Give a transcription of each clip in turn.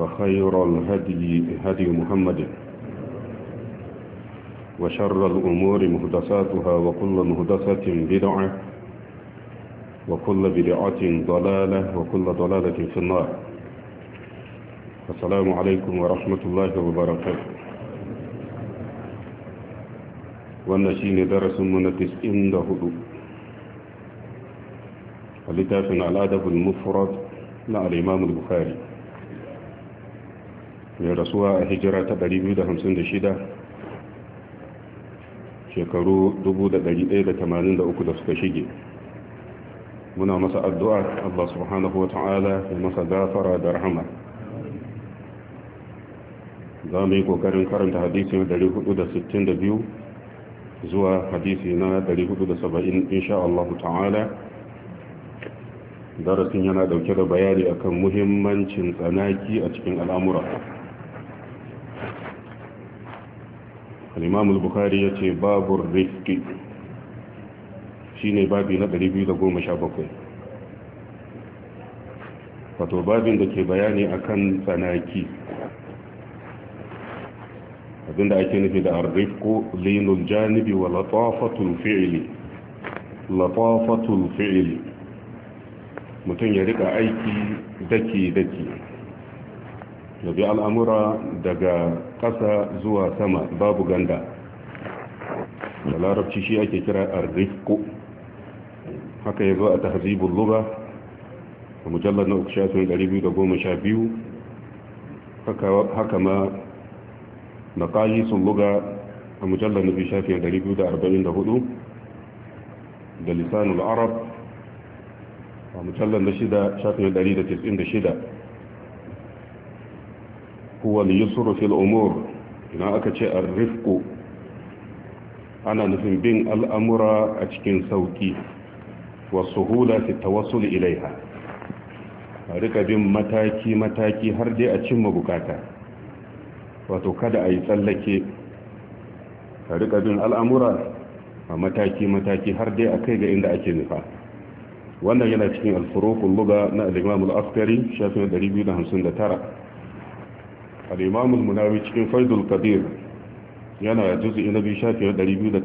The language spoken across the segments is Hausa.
وخير الهدي هدي محمد وشر الأمور مهدساتها وكل مهدسة بدعة وكل بدعة ضلالة وكل ضلالة في النار السلام عليكم ورحمة الله وبركاته والنشين درس من التسئين دهدو الكتاب الأدب المفرد مع الإمام البخاري mai rasuwa a hijira ta 256 shekaru 1183 da suka shige muna masa addu'a Allah subhanahu wa ta'ala ya masa gafara da rahama za mu yi ƙoƙarin karanta hadisi na 462 zuwa hadisi na 470 insha Allah ta'ala darasin yana dauke da bayani akan muhimmancin tsanaki a cikin al'amura al-imam al-bukhari yace babur rifqi shine babi na 217 wato babin da ke bayani a kan tsanaki abinda ake nufi da arrifqu linul janibi wa latafatul fi'li latafatul fi'li mutum ya rika aiki daki daki ya bi al'amura daga ƙasa zuwa sama babu ganda da larabci shi ake kira arrifku haka ya zo a tahzibul luga a mujallar na uku shafin 212 haka ma na sun luga a mujallar na biyu shafin 244 da Lissanul arab a mujallar na shida shafin 196 huwa al-yusru fil umur aka ce ar-rifqu ana nufin bin al'amura a cikin sauki wa suhula fi tawassul ilaiha a rika bin mataki mataki har dai a cimma bukata wato kada a yi tsallake a rika bin al'amura a mataki mataki har dai a kai ga inda ake nufa wannan yana cikin alfurokun luga na al'imamul askari shafin 259 al-imam al-munawi cikin faidul qadir yana juz'i na biyu shafi 287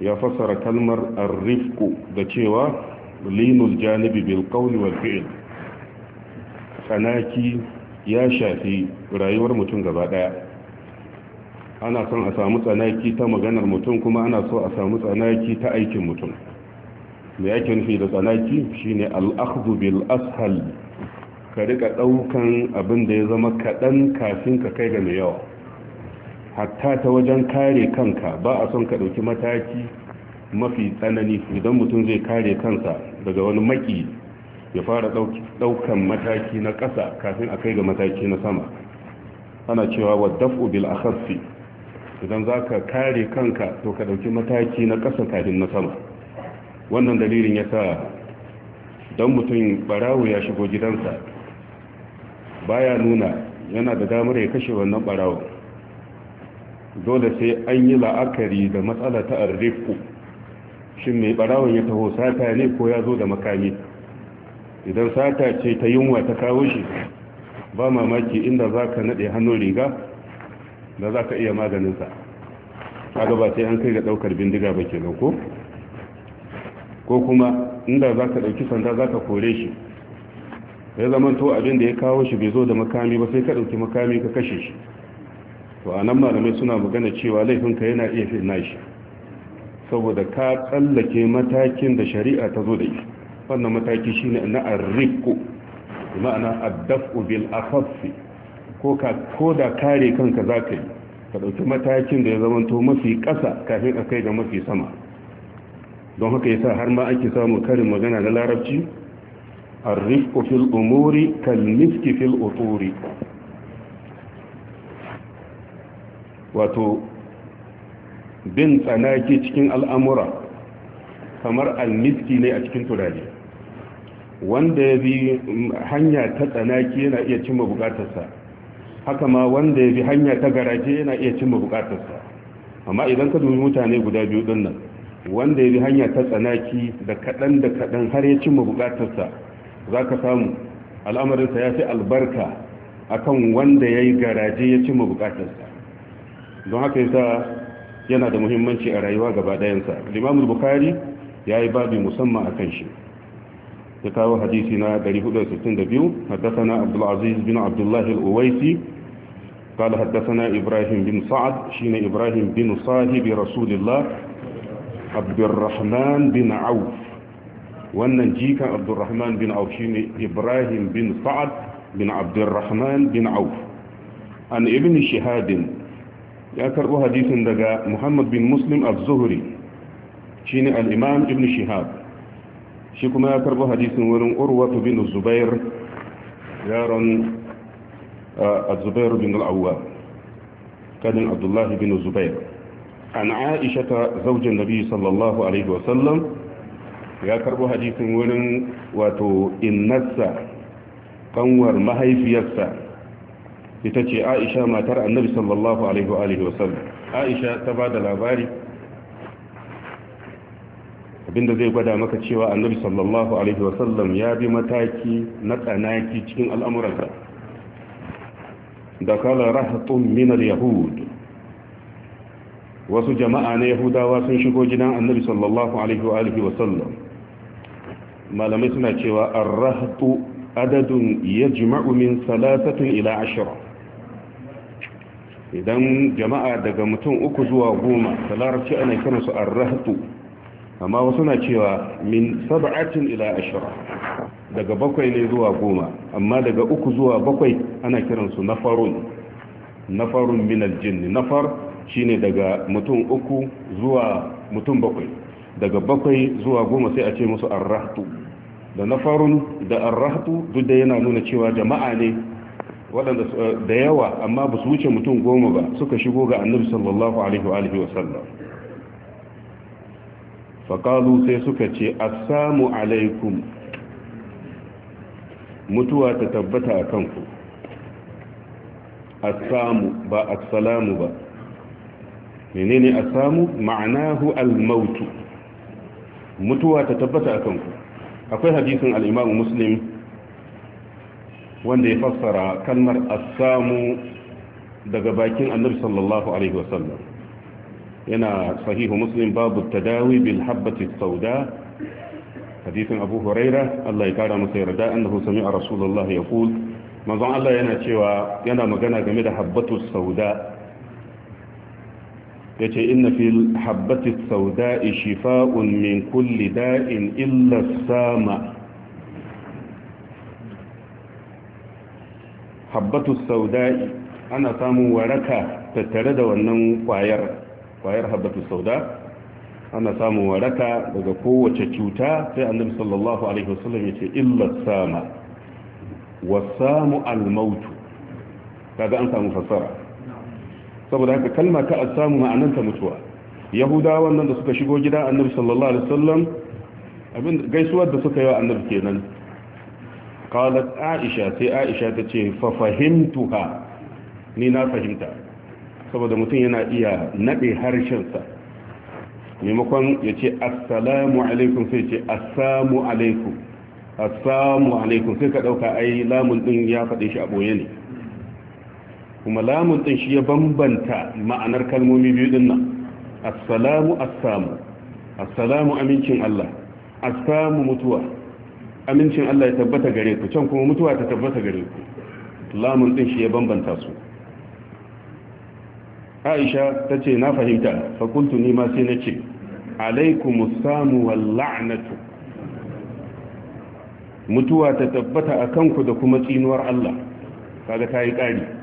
ya fassara kalmar Arrifku da cewa linul janibi bil qawli wal tsanaki ya shafi rayuwar mutum gaba daya ana son a samu tsanaki ta maganar mutum kuma ana so a samu tsanaki ta aikin mutum mai ake nufi da tsanaki shine al bil ashal ka rika ɗaukan abin da ya zama kaɗan kafin ka kai ga mai yawa hatta ta wajen kare kanka ba a son ka ɗauki mataki mafi tsanani idan mutum zai kare kansa daga wani maki ya fara ɗaukan mataki na ƙasa kafin a kai ga mataki na sama ana cewa wa daf'u bil akhaffi idan ka kare kanka to ka ɗauki mataki na ƙasa kafin na sama wannan dalilin ya sa don mutum barawo ya shigo gidansa baya nuna yana da damar ya kashe wannan barawo dole sai an yi la'akari da matsala ta arrifku shin mai barawon ya taho sata ne ko ya zo da makami idan sata ce ta yunwa ta kawo shi ba mamaki inda za ka naɗe hannun riga da za ka iya maganinsa a gaba sai an kai ga ɗaukar bindiga ba ke ko ko kuma inda za ka ɗauki sanda za ka kore shi ya zama to abin da ya kawo shi bai zo da makami ba sai ka ɗauki makami ka kashe shi to a nan malamai suna magana cewa laifin ka yana iya fi nashi saboda ka tsallake matakin da shari'a ta zo da shi wannan mataki shi ne na arriko ma'ana addafu bil afafi ko da kare kanka za ka yi ka ɗauki matakin da ya zamanto mafi ƙasa kafin a kai ga mafi sama don haka yasa har ma ake samun karin magana na larabci الرفق في الأمور كالمسك في الأطور wato bin tsanaki cikin al'amura kamar almiski ne a cikin wanda ya bi hanya ta tsanaki yana iya cimma bukatarsa haka ma wanda ya bi hanya ta garaje yana iya cimma bukatarsa amma idan ka dubi mutane guda biyu dinnan wanda ya bi hanya ta tsanaki da kaɗan da kaɗan har ya cimma bukatarsa za ka samu al'amarinsa ya fi albarka akan wanda ya yi garaje ya cimma bukatarsa don haka yasa yana da muhimmanci a rayuwa gaba dayansa limamul bukari ya yi babi musamman a kan shi ya kawo hadisi na 462 haddasana abdulaziz bin abdullahi al'uwaisi قال حدثنا إبراهيم بن سعد شين إبراهيم بن صاحب رسول الله عبد الرحمن بن عوف wannan jikan abdurrahman bin auf shine ibrahim bin sa'ad bin abdurrahman bin auf an ibn shihadin ya karbo hadisin daga muhammad bin muslim az-zuhri shine al-imam ibn shihab shi kuma ya karbo hadisin wurin urwatu bin zubair yaron az-zubair ah, bin al-awwab kadin abdullah bin zubair an aisha zawjin nabi sallallahu alaihi wasallam ya karbo hadisin wurin wato innarsa kanwar mahaifiyarsa ita ce aisha matar annabi sallallahu alaihi wa alihi wasallam aisha ta ba da labari abinda zai gwada maka cewa annabi sallallahu alaihi wasallam ya bi mataki na tsanaki cikin al'amuransa da kala rahatun minar yahud wasu jama'a na yahudawa sun shigo gidan annabi sallallahu alaihi wa alihi wasallam malamai suna cewa arrahtu adadin ya jima'u min salatatun ila ashira idan jama'a daga mutum uku zuwa goma da larabci ana kiransu arrahtu amma wasu na cewa min saba'atin ila ashira daga bakwai ne zuwa goma amma daga uku zuwa bakwai ana kiransu nafarun nafarun min aljinni nafar shine daga mutum uku zuwa mutum bakwai daga bakwai zuwa goma sai a ce musu arrahtu da na farun da arrahtu duk da yana nuna cewa jama'a ne waɗanda eh, da yawa amma ba su wuce mutum goma ba suka shigo ga annabi sallallahu alaihi wa faƙalu sai suka ce assamu alaikum mutuwa ta tabbata a kanku assamu ba assalamu ba menene assamu ma'anahu almautu mutuwa ta tabbata a kanku akwai hadisin al'imamu muslim wanda ya fassara kalmar assamu daga bakin annabi sallallahu alaihi wasallam yana sahihu muslim babu tadawi bil habbati sauda hadisin abu huraira Allah ya kara masa yarda annahu sami'a rasulullahi yaqul manzon Allah yana cewa yana magana game da habbatu sauda ya ce inna fi habbati sauda'i shifa'un min kulli da'in illa sama habbatu sau sauda'i ana samun waraka tattare da wannan kwayar kwayar habbatu sauda ana samun waraka daga kowace cuta sai annabi sallallahu alaihi wasallam ya ce illa sama wasamu almautu maut kaga an samu fasara saboda haka kalma ta asamu ma'ananta mutuwa yahudawan nan da suka shigo gida annabi sallallahu alaihi wasallam abin gaisuwar da suka yi wa annabi kenan qalat aisha sai aisha ta ce fa fahimtuha ni na fahimta saboda mutum yana iya nade harshen sa maimakon ya ce assalamu alaikum sai ce assamu alaikum assalamu alaikum sai ka dauka ai lamun din ya faɗe shi a boye ne kuma lamun ɗin shi ya bambanta ma'anar kalmomi biyu din nan assalamu assamu assalamu amincin Allah assamu mutuwa amincin Allah ya tabbata gare ku can kuma mutuwa ta tabbata gare ku lamun ɗin shi ya bambanta su aisha ta ce na fahimta fakultu ni ma sai na ce alaikumus samu wal la'natu mutuwa ta tabbata a kanku da kuma tsinuwar Allah kaga ta yi ƙari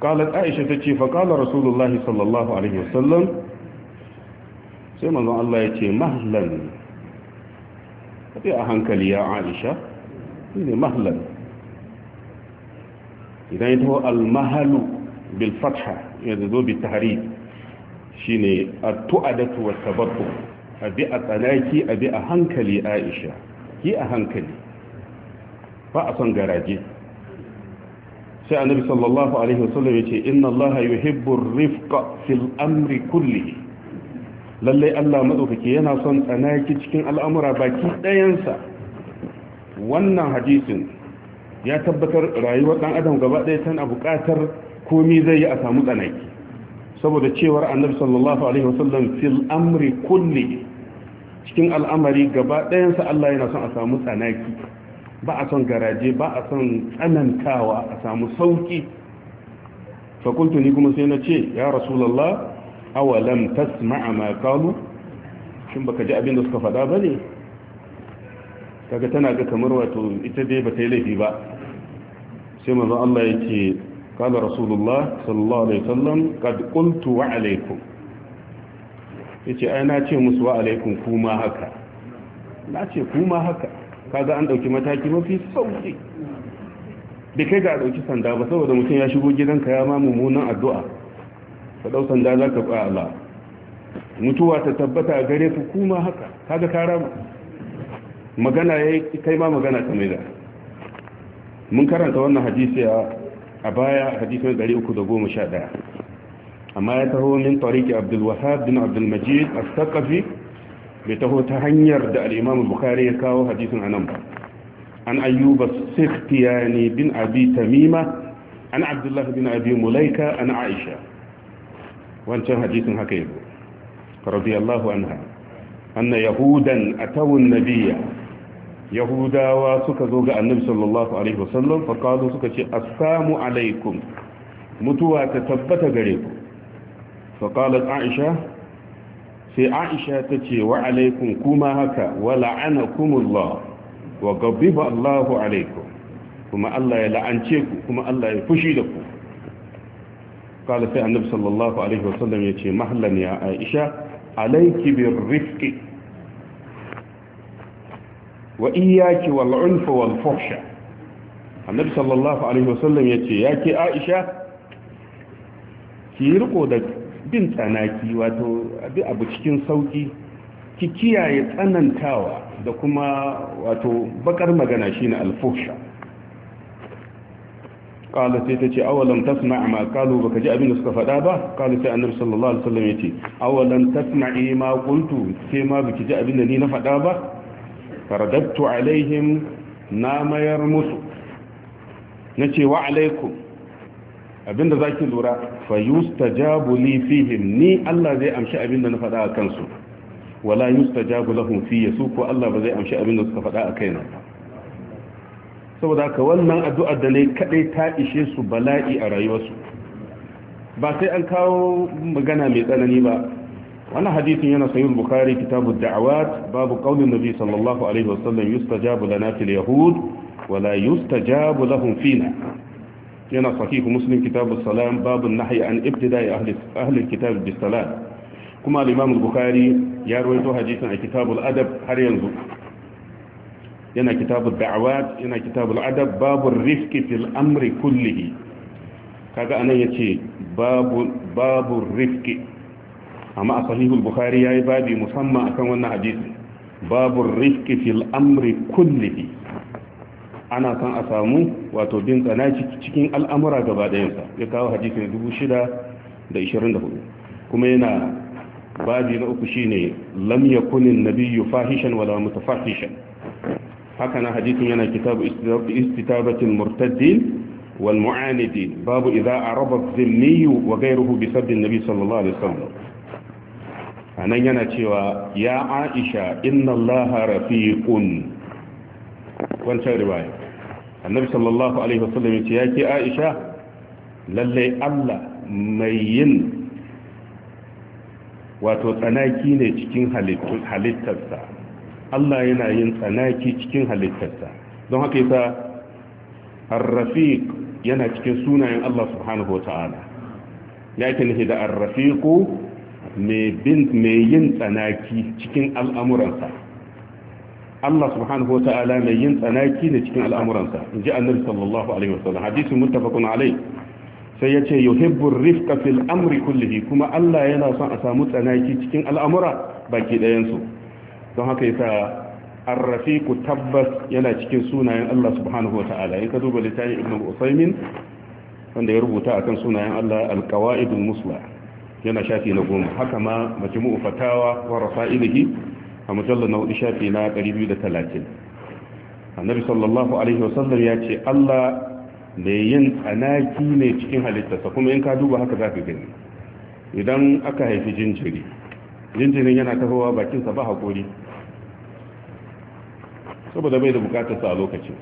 kalat aisha ta ce faƙala rasulullahi sallallahu alaihi wasallam sai mazan Allah ya ce mahlan a hankali ya aisha shi ne mahlan idan ya taho almahalu bilfatha yadda zo bita hari shi ne a tu'adatu wa tabarku a bi a tsanaki a bi a hankali aisha yi a hankali ba a son garaje sai annabi sallallahu alaihi wasallam ya ce inna allaha yuhibbu rifqa fil amri kulli lalle Allah madaukake yana son tsanaki cikin al'amura baki ɗayansa wannan hadisin ya tabbatar rayuwar dan adam gaba ɗaya tana buƙatar komai zai yi a samu tsanaki saboda cewar annabi sallallahu alaihi wasallam fil amri kulli cikin al'amari gaba ɗayansa Allah yana son a samu tsanaki ba a son garaje ba a son tsanantawa a samu sauki fakultu ni kuma sai na ce ya rasulallah awalam tasma'a ma kalu shin baka ji abin da suka faɗa ba ne Daga tana ga kamar wato ita dai ba ta yi laifi ba sai manzon Allah ya ce kada rasulullah sallallahu alaihi sallam, kad qultu wa alaikum yace ai na ce musu wa alaikum kuma haka na ce kuma haka kaga an dauki mataki mafi sauki da kai ga a dauki sanda ba saboda mutum ya shigo gidanka ya ma mummunan addu'a ka dau sanda za ka ba Allah mutuwa ta tabbata a gare ku kuma haka kaga ka rama magana yayi kai ma magana ta mai da mun karanta wannan hadisi a baya hadisin 311 amma ya taho min tariki Abdul Wahhab bin Abdul Majid al-Thaqafi bai taho ta hanyar da al'imamu bukari ya kawo hadisin a nan ba an ayyuba sikhtiyani bin abi tamima an abdullahi bin abi mulaika an aisha wancan hadisin haka yabo radiyallahu anha anna yahudan atawun nabiyya yahudawa suka zo ga annabi sallallahu alaihi wasallam fa qalu suka ce assalamu alaikum mutuwa ta tabbata gare ku fa qalat aisha sai aisha ta ce wa alaikum kuma haka wa la'anakumullah wa gabiba Allahu alaikum kuma Allah ya la'ance ku kuma Allah ya fushi da ku kala sai annabi sallallahu alaihi wasallam ya ce mahallan ya aisha alaiki bir rifqi wa iyyaki wal unfa wal fuhsha annabi sallallahu alaihi wasallam ya ce yake aisha ki riko da bin tsanaki wato abu cikin sauki ki kiyaye tsanantawa da kuma wato bakar magana shine alfusha kala sai ta ce awalan tasma ma kalu baka ji abin da suka faɗa ba kala sai annabi sallallahu alaihi wasallam yace awalan tasma'i ma qultu sai ma baki ji abin da ni na faɗa ba faradattu alaihim na mayar musu nace wa alaikum abinda zaki lura fa yustajabu li fihim ni Allah zai amshi abinda na faɗa a kansu wala yustajabu lahum fi su Allah ba zai amshi abinda suka faɗa a kaina saboda haka wannan addu'ar da ne kadai ta ishe su bala'i a rayuwarsu ba sai an kawo magana mai tsanani ba wannan hadisin yana sahih bukhari kitabu da'awat babu qaulin nabi sallallahu alaihi wasallam yustajabu lana fil yahud wala yustajabu lahum fina yana sahihu muslim kitabu salam babu nahya an ibtida'i ahli ahli kitab bis salam kuma al-imam al-bukhari ya rawaito hadisin a kitabul adab har yanzu yana kitabul da'awat yana kitabul adab babu rifqi fil amri kullihi kaga anan yace babu babu rifqi amma a sahihul bukhari yayi babi musamman akan wannan hadisi babu rifqi fil amri kullihi ana son a samu wato bin tsana cikin al'amura gaba ɗayansa ya kawo hadisi na 6,024 kuma yana babi na uku shi shine lam yakunin nabiyyu fahishan wala fahishan. haka na hadisin yana kitabu istitabatin murtaddin wal mu'anidin babu idza araba zimmiyu wa ghayruhu bi sabbin nabi sallallahu alaihi wasallam nan yana cewa ya aisha inna allaha rafiqun wancan riwaya annabi sallallahu alaihi wasallam ya ce ya ke aisha lalle Allah mai yin wato tsanaki ne cikin halittarsa Allah yana yin tsanaki cikin halittarsa don haka yasa ar-rafiq yana cikin sunayen Allah subhanahu wa wata'ala ya ke nufi da ar-rafiqu mai yin tsanaki cikin al'amuransa Allah subhanahu wa ta'ala mai yin tsanaki da cikin al'amuransa in ji annabi sallallahu alaihi wasallam hadisin muttafaqun alai sai ya ce yuhibbu rifqa fil amri kullihi kuma Allah yana son a samu tsanaki cikin al'amura baki ɗayansu don haka yasa ar-rafiqu tabbas yana cikin sunayen Allah subhanahu wa ta'ala in ka duba litani Ibn Usaymin wanda ya rubuta akan sunayen Allah al-qawaidul musla yana shafi na goma haka ma majmu'u fatawa wa rasailihi a mujallar na hudu shafi na 230 annabi sallallahu alaihi wasallam ya ce Allah mai yin tsanaki ne cikin halittarsa kuma in ka duba haka za ka gani idan aka haifi jinjiri jinjirin yana tahowa bakinsa ba haƙori saboda bai da bukatarsa a lokacin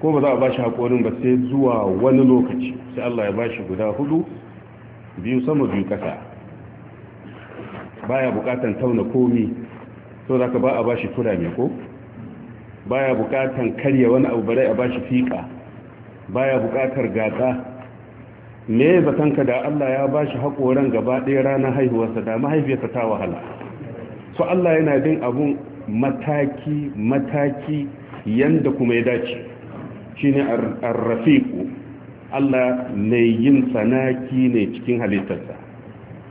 ko ba za a ba shi haƙorin ba sai zuwa wani lokaci sai Allah ya ba shi guda hudu biyu sama biyu kasa baya bukatan tauna komi so zaka ba a bashi ne ko baya bukatan karya wani abu bare a bashi fika baya bukatar gata me tanka da Allah ya bashi hakoran gaba ɗaya ranar haihuwarsa da mahaifiyarsa ta wahala so Allah yana bin abun mataki mataki yanda kuma ya dace shine ar-rafiqu Allah ne yin tsanaki ne cikin halittarsa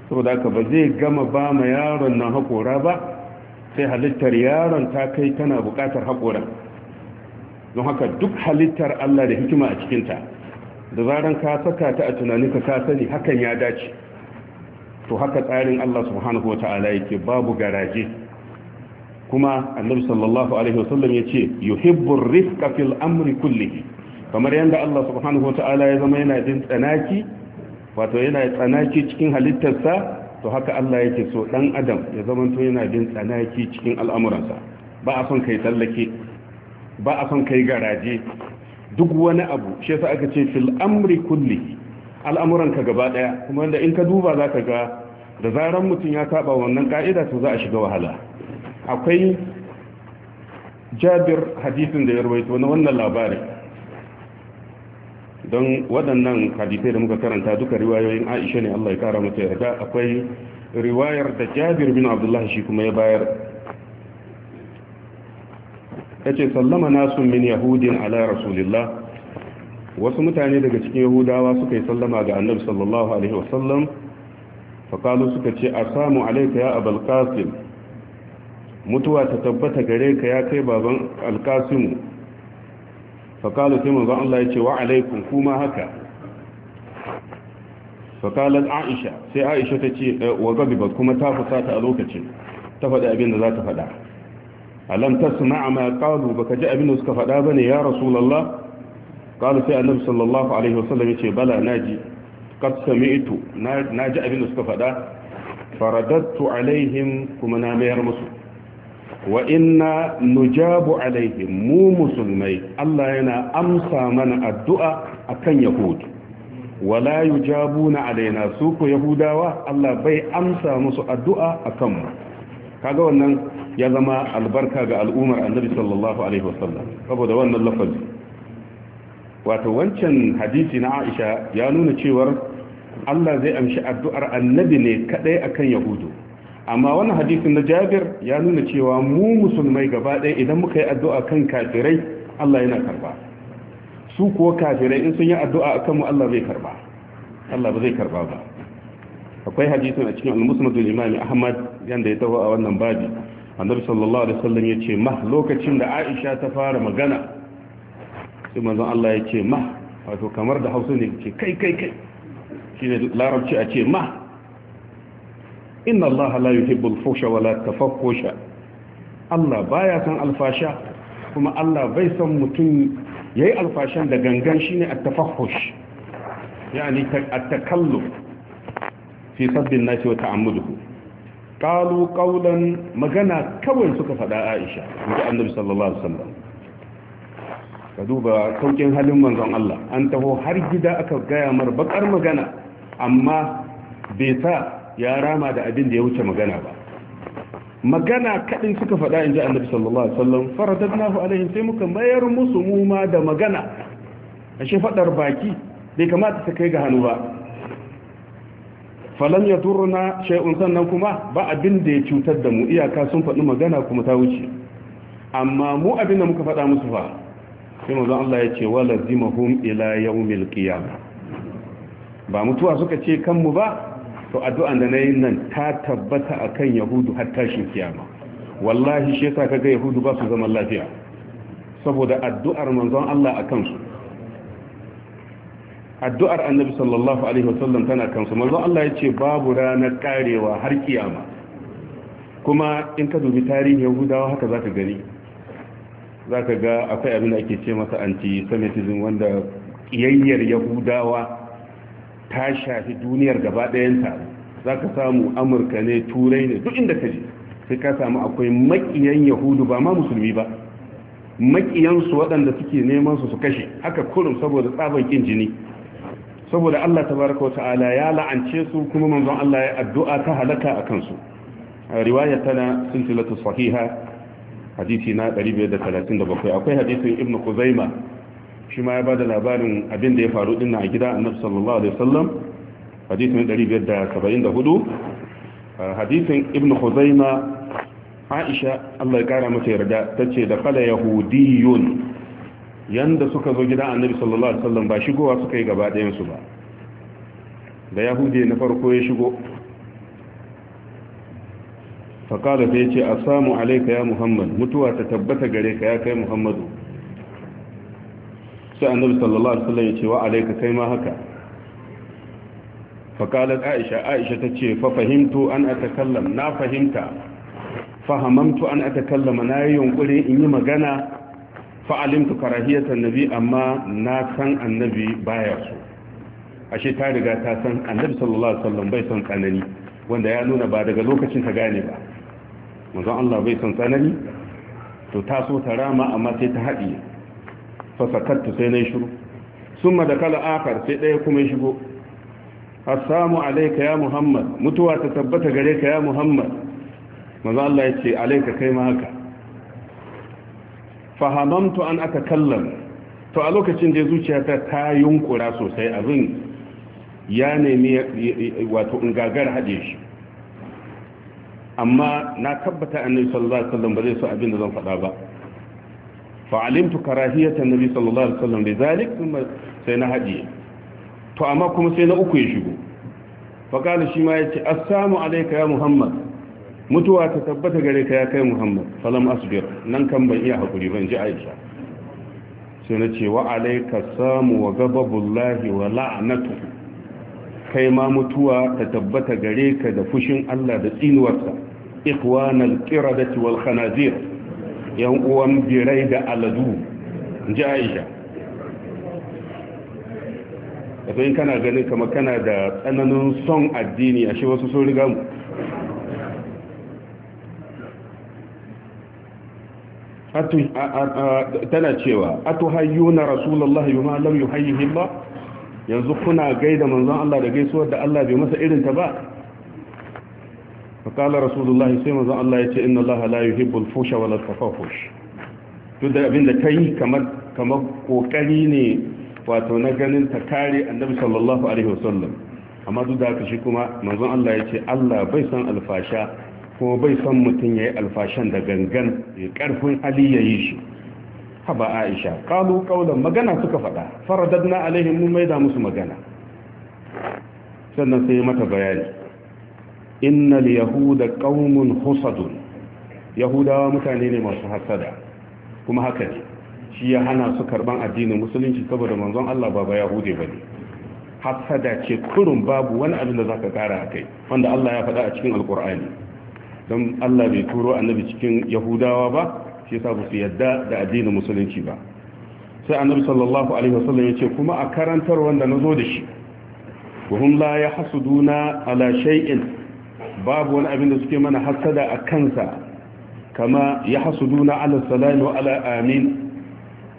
saboda haka ba zai gama ba ma yaron nan haƙora ba sai halittar yaron ta kai tana buƙatar haƙora don haka duk halittar Allah da hikima a cikinta da zaran ka saka ta a tunaninka ka sani hakan ya dace to haka tsarin Allah subhanahu wa ta'ala yake babu garaje kuma annabi sallallahu alaihi wasallam yace yuhibbur rifqa fil amri kullihi kamar yanda Allah subhanahu wa ta'ala ya zama yana jin tsanaki wato yana tsanaki cikin halittarsa to haka Allah yake so dan adam ya zama zamanto yana bin tsanaki cikin al'amuransa ba a son kai tallake ba a son kai garaje duk wani abu shi yasa aka ce fil amri kulli al'amuranka gaba daya kuma da in ka duba zaka ga da zaran mutum ya saba wannan ka'ida to za a shiga wahala akwai jabir hadisin da ya rawaito na wannan labarin don waɗannan hadisai da muka karanta duka riwayoyin aisha ne allah ya kara mata yarda akwai riwayar da jabir bin abdullahi shi kuma ya bayar ya ce sallama nasu min yahudin ala rasulillah wasu mutane daga cikin yahudawa suka yi sallama ga annabi sallallahu alaihi wasallam suka ce a samu alaika ya abal mutuwa ta tabbata gare ka ya kai baban alkasimu faƙalu sai manzon Allah ya ce wa alaikum kuma haka faƙalar aisha sai aisha ta ce wa gabiba kuma ta fusata a lokacin ta faɗi abin da za ta faɗa alam ta suna a maƙalu ba ka ji abin da suka faɗa ba ne ya rasulallah ƙalu sai annabi sallallahu alaihi wasallam ya ce bala na ji kad sami'tu na ji abin da suka faɗa faradattu alaihim kuma na mayar musu wa inna nujabu alaihim mu musulmai Allah yana amsa mana addu'a akan yahudu wala yujabuna alaina su ku yahudawa Allah bai amsa musu addu'a akan mu kaga wannan ya zama albarka ga al'ummar annabi sallallahu alaihi wasallam saboda wannan lafazi wato wancan hadisi na Aisha ya nuna cewar Allah zai amshi addu'ar annabi ne kadai akan yahudu amma wani hadisin na jabir ya nuna cewa mu musulmai gaba ɗaya idan muka yi addu'a kan kafirai Allah yana karba su kuwa kafirai in sun yi addu'a akan mu Allah zai karba Allah ba zai karba ba akwai hadisin a cikin al-musnad al-imam Ahmad yanda ya tawo a wannan babi annabi sallallahu alaihi wasallam ya ce mah lokacin da Aisha ta fara magana sai manzon Allah ya ce mah wato kamar da Hausa ne ce kai kai kai shine larabci a ce mah inna allaha la yuhibbul fusha wala tafakkusha Allah baya san alfasha kuma Allah bai san mutum yayi alfashan da gangan shine at-tafakkush yani at-takalluf fi sabbin nasi wa ta'ammuduhu qalu qawlan magana kawai suka fada Aisha da Annabi sallallahu alaihi wasallam ka duba saukin halin manzon Allah an taho har gida aka gaya mar bakar magana amma bai sa ya rama da abin da ya wuce magana ba magana kadin suka faɗa in ji annabi sallallahu alaihi wasallam faradadnahu alaihim sai muka mayar musu muma da magana ashe faɗar baki bai kamata ta kai ga hannu ba falam ya shay'un sannan kuma ba abin da ya cutar da mu iyaka sun faɗi magana kuma ta wuce amma mu abin da muka faɗa musu fa sai manzon Allah ya ce walazimahum ila yawmil qiyamah ba mutuwa suka ce kanmu ba to addu'an da na yi nan ta tabbata akan yahudu har tashin kiyama wallahi shi yasa kaga yahudu ba su zaman lafiya saboda addu'ar manzon Allah a kansu addu'ar annabi sallallahu alaihi wasallam tana kansu manzon Allah ya ce babu ranar karewa har kiyama kuma in ka dubi tarihin yahudawa haka zaka gani zaka ga akwai abin da ake ce masa anti-semitism wanda ƙiyayyar yahudawa ta shafi duniyar gaba ɗayanta za ka samu amurka ne turai ne duk inda ka je sai ka samu akwai makiyan yahudu ba ma musulmi ba makiyansu waɗanda suke neman su su kashe haka kurum saboda tsaban kin jini saboda Allah ta baraka tabaraka ta'ala ya la'ance su kuma manzon Allah ya addu'a ta halaka a kansu riwaya tana sintilatu sahiha hadisi na 537 akwai hadisin ibnu kuzaima shi ma ya ba da labarin abin da ya faru dinna a gida annabi sallallahu alaihi wasallam hadisin 574 hadisin ibn khuzaima aisha Allah ya kara mata yarda tace da kala yahudiyun yanda suka zo gidan annabi sallallahu alaihi wasallam ba shigowa suka yi gaba ɗayan su ba da yahudi na farko ya shigo faƙada ta yace ce a samu alaika ya muhammad mutuwa ta tabbata gare ka ya kai muhammadu sai annabi sallallahu alaihi wasallam ya ce wa alayka kai ma haka faqalat aisha aisha tace fa fahimtu an atakallam na fahimta fahamamtu an atakallama na yi yunkuri in yi magana fa'alimtu karahiyatan nabi amma na san annabi baya so ashe ta riga ta san annabi sallallahu alaihi wasallam bai son tsanani wanda ya nuna ba daga lokacin ta gane ba manzon Allah bai son tsanani to ta so ta rama amma sai ta haɗiye fasakattu sai na shiru sun ma da kala akar sai ɗaya kuma ya shigo assamu alaika ya muhammad mutuwa ta tabbata gare ka ya muhammad maza Allah ya ce alaika kai ma haka fahamamtu an aka kallon to a lokacin da zuciyata ta yunkura sosai abin ya nemi wato in haɗe shi amma na tabbata annabi sallallahu alaihi wasallam ba zai so abin da zan faɗa ba fa'alimtu karahiyatan nabi sallallahu alaihi wasallam da zalik sai na hajiye to amma kuma sai na uku ya shigo fakali shi ma ya ce assamu alaika ya muhammad mutuwa ta tabbata gare ka ya kai muhammad Salam asbir nan kan ban iya haƙuri ban ji aisha sai na ce wa alaika samu wa gababullahi wa la'anatu kai ma mutuwa ta tabbata gare ka da fushin allah da tsinuwarsa ikhwanal qiradati wal khanazir yan uwan birai da aladu ji aisha kafin kana ganin kama kana da tsananin son addini a shi wasu sun riga mu tana cewa atu rasulallah rasulullahi bima lam yuhayyihi ba, yanzu kuna gaida manzon Allah da gaisuwar da Allah bai masa irin ta ba faƙala rasulullahi sai mazan Allah ya ce inna Allah la yuhibbul fusha wala tafafush duk da abin da kai kamar kamar kokari ne wato na ganin ta kare annabi sallallahu alaihi wasallam amma duk da haka shi kuma manzon Allah ya ce Allah bai san alfasha kuma bai san mutum yayi alfashan da gangan ya karfin ali yayi shi haba Aisha kalu qaulan magana suka faɗa faradadna alaihim mun maida musu magana sannan sai mata bayani innal yahuda qaumun husadun yahudawa mutane ne masu hasada kuma haka ne shi ya hana su karban addinin musulunci saboda manzon Allah baba yahude bane hasada ce kurun babu wani abin da zaka kara akai wanda Allah ya faɗa a cikin alqur'ani don Allah bai turo annabi cikin yahudawa ba shi yasa ba su yadda da addinin musulunci ba sai annabi sallallahu alaihi wasallam yace kuma a karantar wanda nazo da shi wa hum la yahsuduna ala shay'in babu wani abin da suke mana hasada a kansa kama ya hasuduna ala alasalai wa amin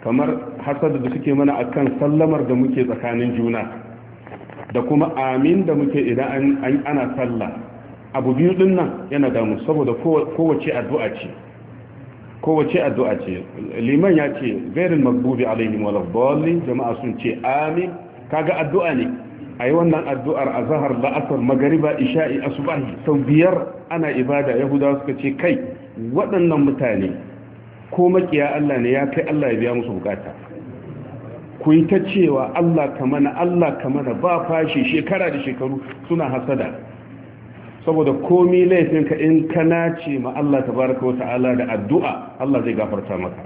kamar hasada da suke mana akan sallamar da muke tsakanin juna da kuma amin da muke idan an ana sallah abu biyu din nan yana damu saboda kowace addu'a ce kowace addu'a ce liman ya ce gairin magbubi alaihim wal dallin jama'a sun ce amin kaga addu'a ne a yi wannan addu'ar a zahar la'asar magariba isha'i asubahi sau biyar ana ibada yahudawa suka ce kai waɗannan mutane ko makiya Allah ne ya kai Allah ya biya musu bukata ku yi ta cewa Allah kamana Allah kamana ba fashi shekara da shekaru suna hasada saboda komi laifinka in ka nace ma Allah tabaraka wata'ala da addu'a Allah zai gafarta maka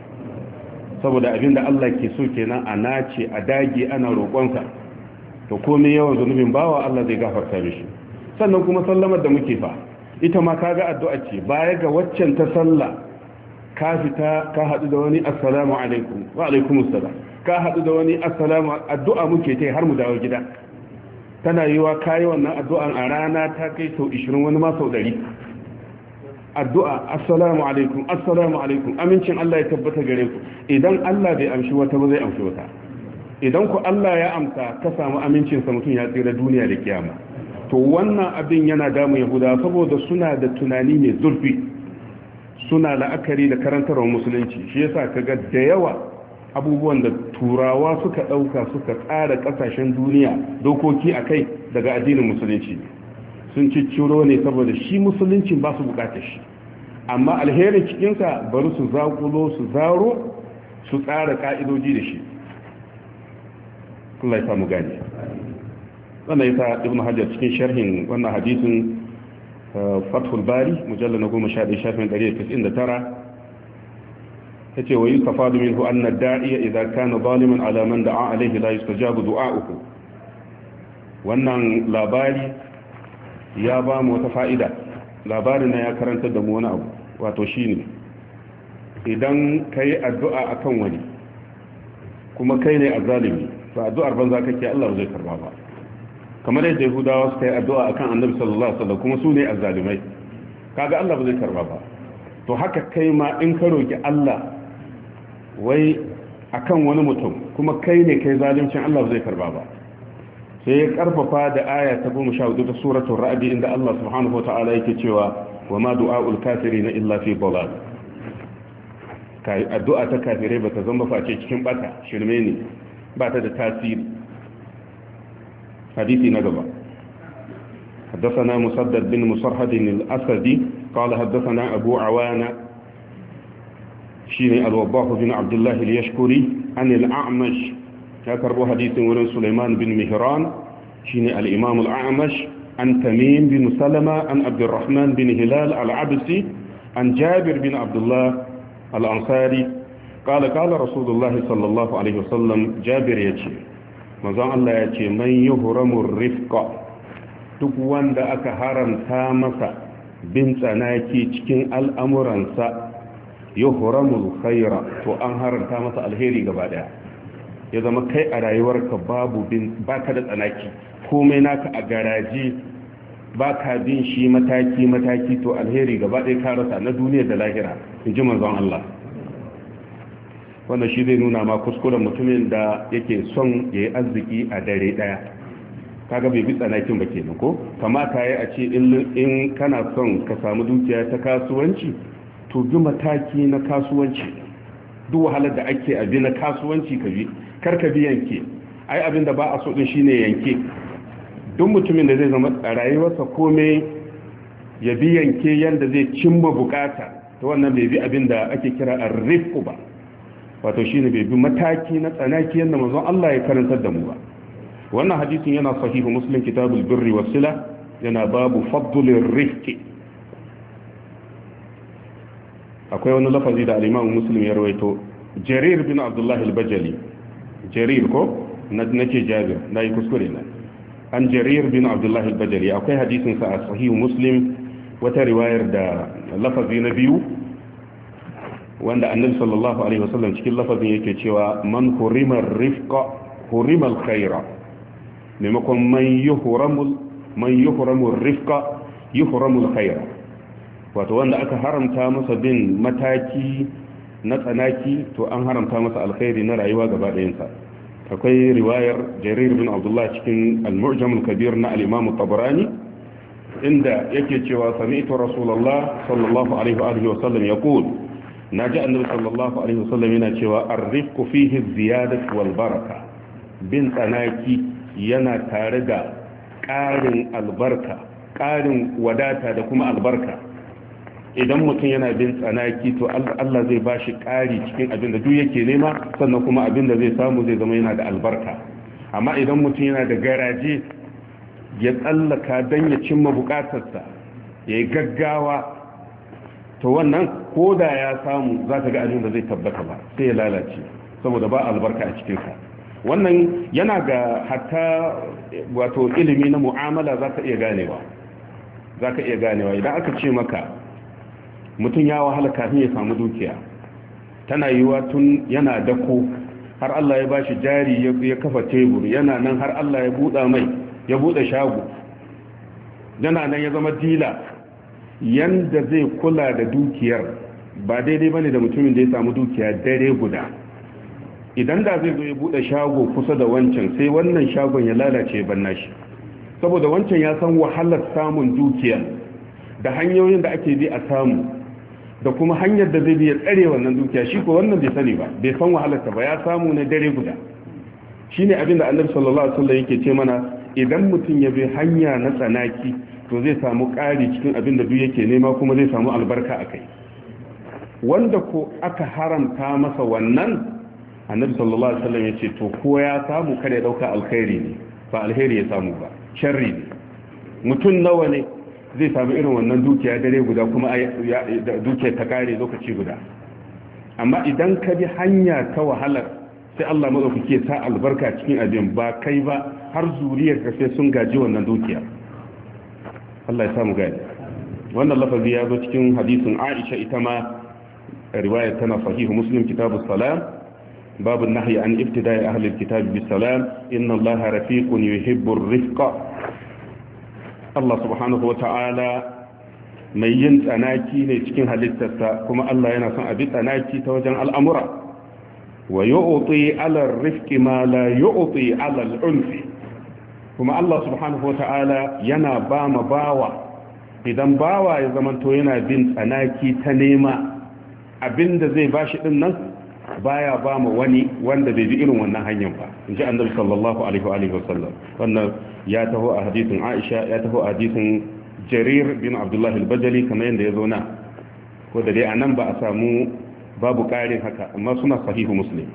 saboda abinda Allah ke so kenan a nace a dage ana roƙonka to komai yawan zunubin bawa Allah zai gafarta mishi sannan kuma sallamar da muke fa ita ma kaga addu'a ce baya ga waccan ta sallah ka fita ka hadu da wani assalamu alaikum wa alaikumus salam ka hadu da wani assalamu addu'a muke tai har mu dawo gida tana yiwa kayi wannan addu'an a rana ta kai sau 20 wani ma sau 100 addu'a assalamu alaikum assalamu alaikum amincin Allah ya tabbata gare ku idan Allah bai amshi wata ba zai amshi wata idan ku Allah ya amsa ka samu amincinsa mutum ya tsira duniya da kiyama to wannan abin yana damu yahuda saboda suna da tunani mai zurfi suna la'akari da karantarwar musulunci shi yasa kaga da yawa abubuwan da turawa suka ɗauka suka tsara ƙasashen duniya dokoki a kai daga addinin musulunci sun cicciro ne saboda shi musulunci ba su bukatar shi amma alherin cikinsa bari su zaƙulo su zaro su tsara ƙa'idoji da shi Allah ya samu gani wannan yasa ibn hajar cikin sharhin wannan hadisin uh, fathul bari mujalla na goma sha ɗaya shafin ɗari tis'in da tara ta ce wa yi kafadu minhu an na da'iya idan kana zaliman alaman da'a alaihi la du'a uku. wannan labari ya ba mu wata fa'ida labari na ya karanta da mu wani abu wato shi ne. idan ka yi addu'a kan wani kuma kai ne a zalimi to addu'ar banza kake Allah zai karba ba kamar yadda yahudawa suka yi addu'a akan annabi sallallahu alaihi wasallam kuma su ne azzalumai kaga Allah ba zai karba ba to haka kai ma in ka roki Allah wai akan wani mutum kuma kai ne kai zalimcin Allah ba zai karba ba sai ya karfafa da aya ta 14 ta suratul ra'd inda Allah subhanahu wataala yake cewa wa ma du'aul kafirin illa fi dalal addu'a ta kafirai bata zama face cikin bata shirme ne ba ta da tasiri hadisi na gaba حدثنا مسدد بن مصرحد الأسدي قال حدثنا أبو عوانة شيني الوضاح بن عبد الله اليشكري عن الأعمش كربو حديث ورن سليمان بن مهران شيني الإمام الأعمش عن تميم بن سلمة عن عبد الرحمن بن هلال العبسي عن جابر بن عبد الله الأنصاري قال قال رسول الله صلى الله عليه Allah ya ce man yuhramur rifqa duk wanda aka haramta masa bin tsanaki cikin al'amuransa yuhramul khaira to an haramta masa alheri gaba daya ya zama kai a rayuwarka babu bin baka da tsanaki komai naka a garaji baka bin shi mataki mataki to alheri gaba daya ka rasa na duniya da lahira inji manzon Allah wanda shi zai nuna ma kuskuren mutumin da yake son ya yi arziki a dare daya kaga bai bi tsanakin ba kenan ko kamata ya a ce in kana son ka samu dukiya ta kasuwanci to bi mataki na kasuwanci duk wahalar da ake abi na kasuwanci ka bi kar ka bi yanke ai abin da ba a so din shine yanke duk mutumin da zai zama a rayuwarsa komai ya bi yanke yanda zai cimma bukata ta wannan bai bi abin da ake kira arrifku ba wato shine bai bi mataki na tsanaki yadda manzon Allah ya karantar da mu ba wannan hadisin yana sahihu muslim kitabul birri wa sila yana babu fadlul rifqi akwai wani lafazi da al-Imam Muslim ya rawaito Jarir bin Abdullah al-Bajali Jarir ko na nake Jabir yi kuskure na an Jarir bin Abdullah al-Bajali akwai hadisin sa a sahihu muslim wata riwayar da lafazi na biyu wanda annabi sallallahu alaihi wasallam cikin lafazin yake cewa man hurimar rifqa hurimal khaira maimakon man yuhramul man yuhramur rifqa yuhramul khaira wato wanda aka haramta masa bin mataki na tsanaki to an haramta masa alkhairi na rayuwa gaba ɗayansa akwai riwayar jarir bin abdullah cikin al-mu'jam al-kabir na al-imam tabarani inda yake cewa sami'tu rasulullah sallallahu alaihi wa alihi wa sallam yaqul na ji annabi sallallahu alaihi wasallam yana cewa arrifku fihi ziyadat wal baraka bin tsanaki yana tare da ƙarin albarka ƙarin wadata da kuma albarka idan mutum yana bin tsanaki to Allah zai ba shi ƙari cikin abin da duk yake nema sannan kuma abin da zai samu zai zama yana da albarka amma idan mutum yana da garaje ya tsallaka don ya cimma bukatarsa ya yi gaggawa to wannan ko da ya samu za ka ga abin da zai tabbata ba sai ya lalace saboda ba albarka a cikin ka wannan yana ga hatta wato ilimi na mu'amala za ka iya ganewa za ka iya ganewa idan aka ce maka mutum ya wahala kafin ya samu dukiya tana yiwuwa tun yana dako har Allah ya bashi jari ya kafa tebur yana nan har Allah ya buɗa mai ya buɗe shago yana nan ya zama dila yanda zai kula da dukiyar ba daidai bane da mutumin da ya samu dukiya dare guda idan da zai zo ya bude shago kusa da wancan sai wannan shagon ya lalace banna shi saboda wancan ya san wahalar samun dukiya da hanyoyin da ake bi a samu da kuma hanyar da zai bi ya tsare wannan dukiya shi ko wannan bai sani ba bai san wahalarta ba ya samu na dare guda shine abin da annabi sallallahu alaihi wasallam yake ce mana idan mutum ya bi hanya na tsanaki to zai samu ƙari cikin abin da duk yake nema kuma zai samu albarka a kai wanda ko aka haramta masa wannan annabi sallallahu alaihi wasallam ya ce to ko ya samu kada ya dauka alkhairi ne ba alheri ya samu ba sharri ne mutum nawa ne zai samu irin wannan dukiya dare guda kuma dukiyar ta kare lokaci guda amma idan ka bi hanya ta wahalar sai Allah madaukake sa albarka cikin abin ba kai ba har zuriyar ka sai sun gaji wannan dukiya. Allah ya samu gani wannan lafazi ya zo cikin hadisin Aisha ita ma riwayar tana sahihu Muslim kitabu salam babu nahyi an ibtida'i ahli alkitab bis salam inna Allah rafiqun yuhibbu ar-rifqa Allah subhanahu wa ta'ala mai yin tsanaki ne cikin halittarsa kuma Allah yana son bi tsanaki ta wajen al'amura wa yu'ti ala ar-rifqi ma la yu'ti ala al-unfi kuma Allah subhanahu wa ta'ala yana ba ma bawa idan bawa ya zamanto yana bin tsanaki ta nema abinda zai bashi din nan baya ba ma wani wanda bai bi irin wannan hanyar ba in ji annabi sallallahu alaihi wa sallam. wannan ya taho a hadisin Aisha ya taho a hadisin Jarir bin Abdullah al-Bajali kamar yanda ya zauna ko da dai anan ba a samu babu ƙarin haka amma suna sahihu muslim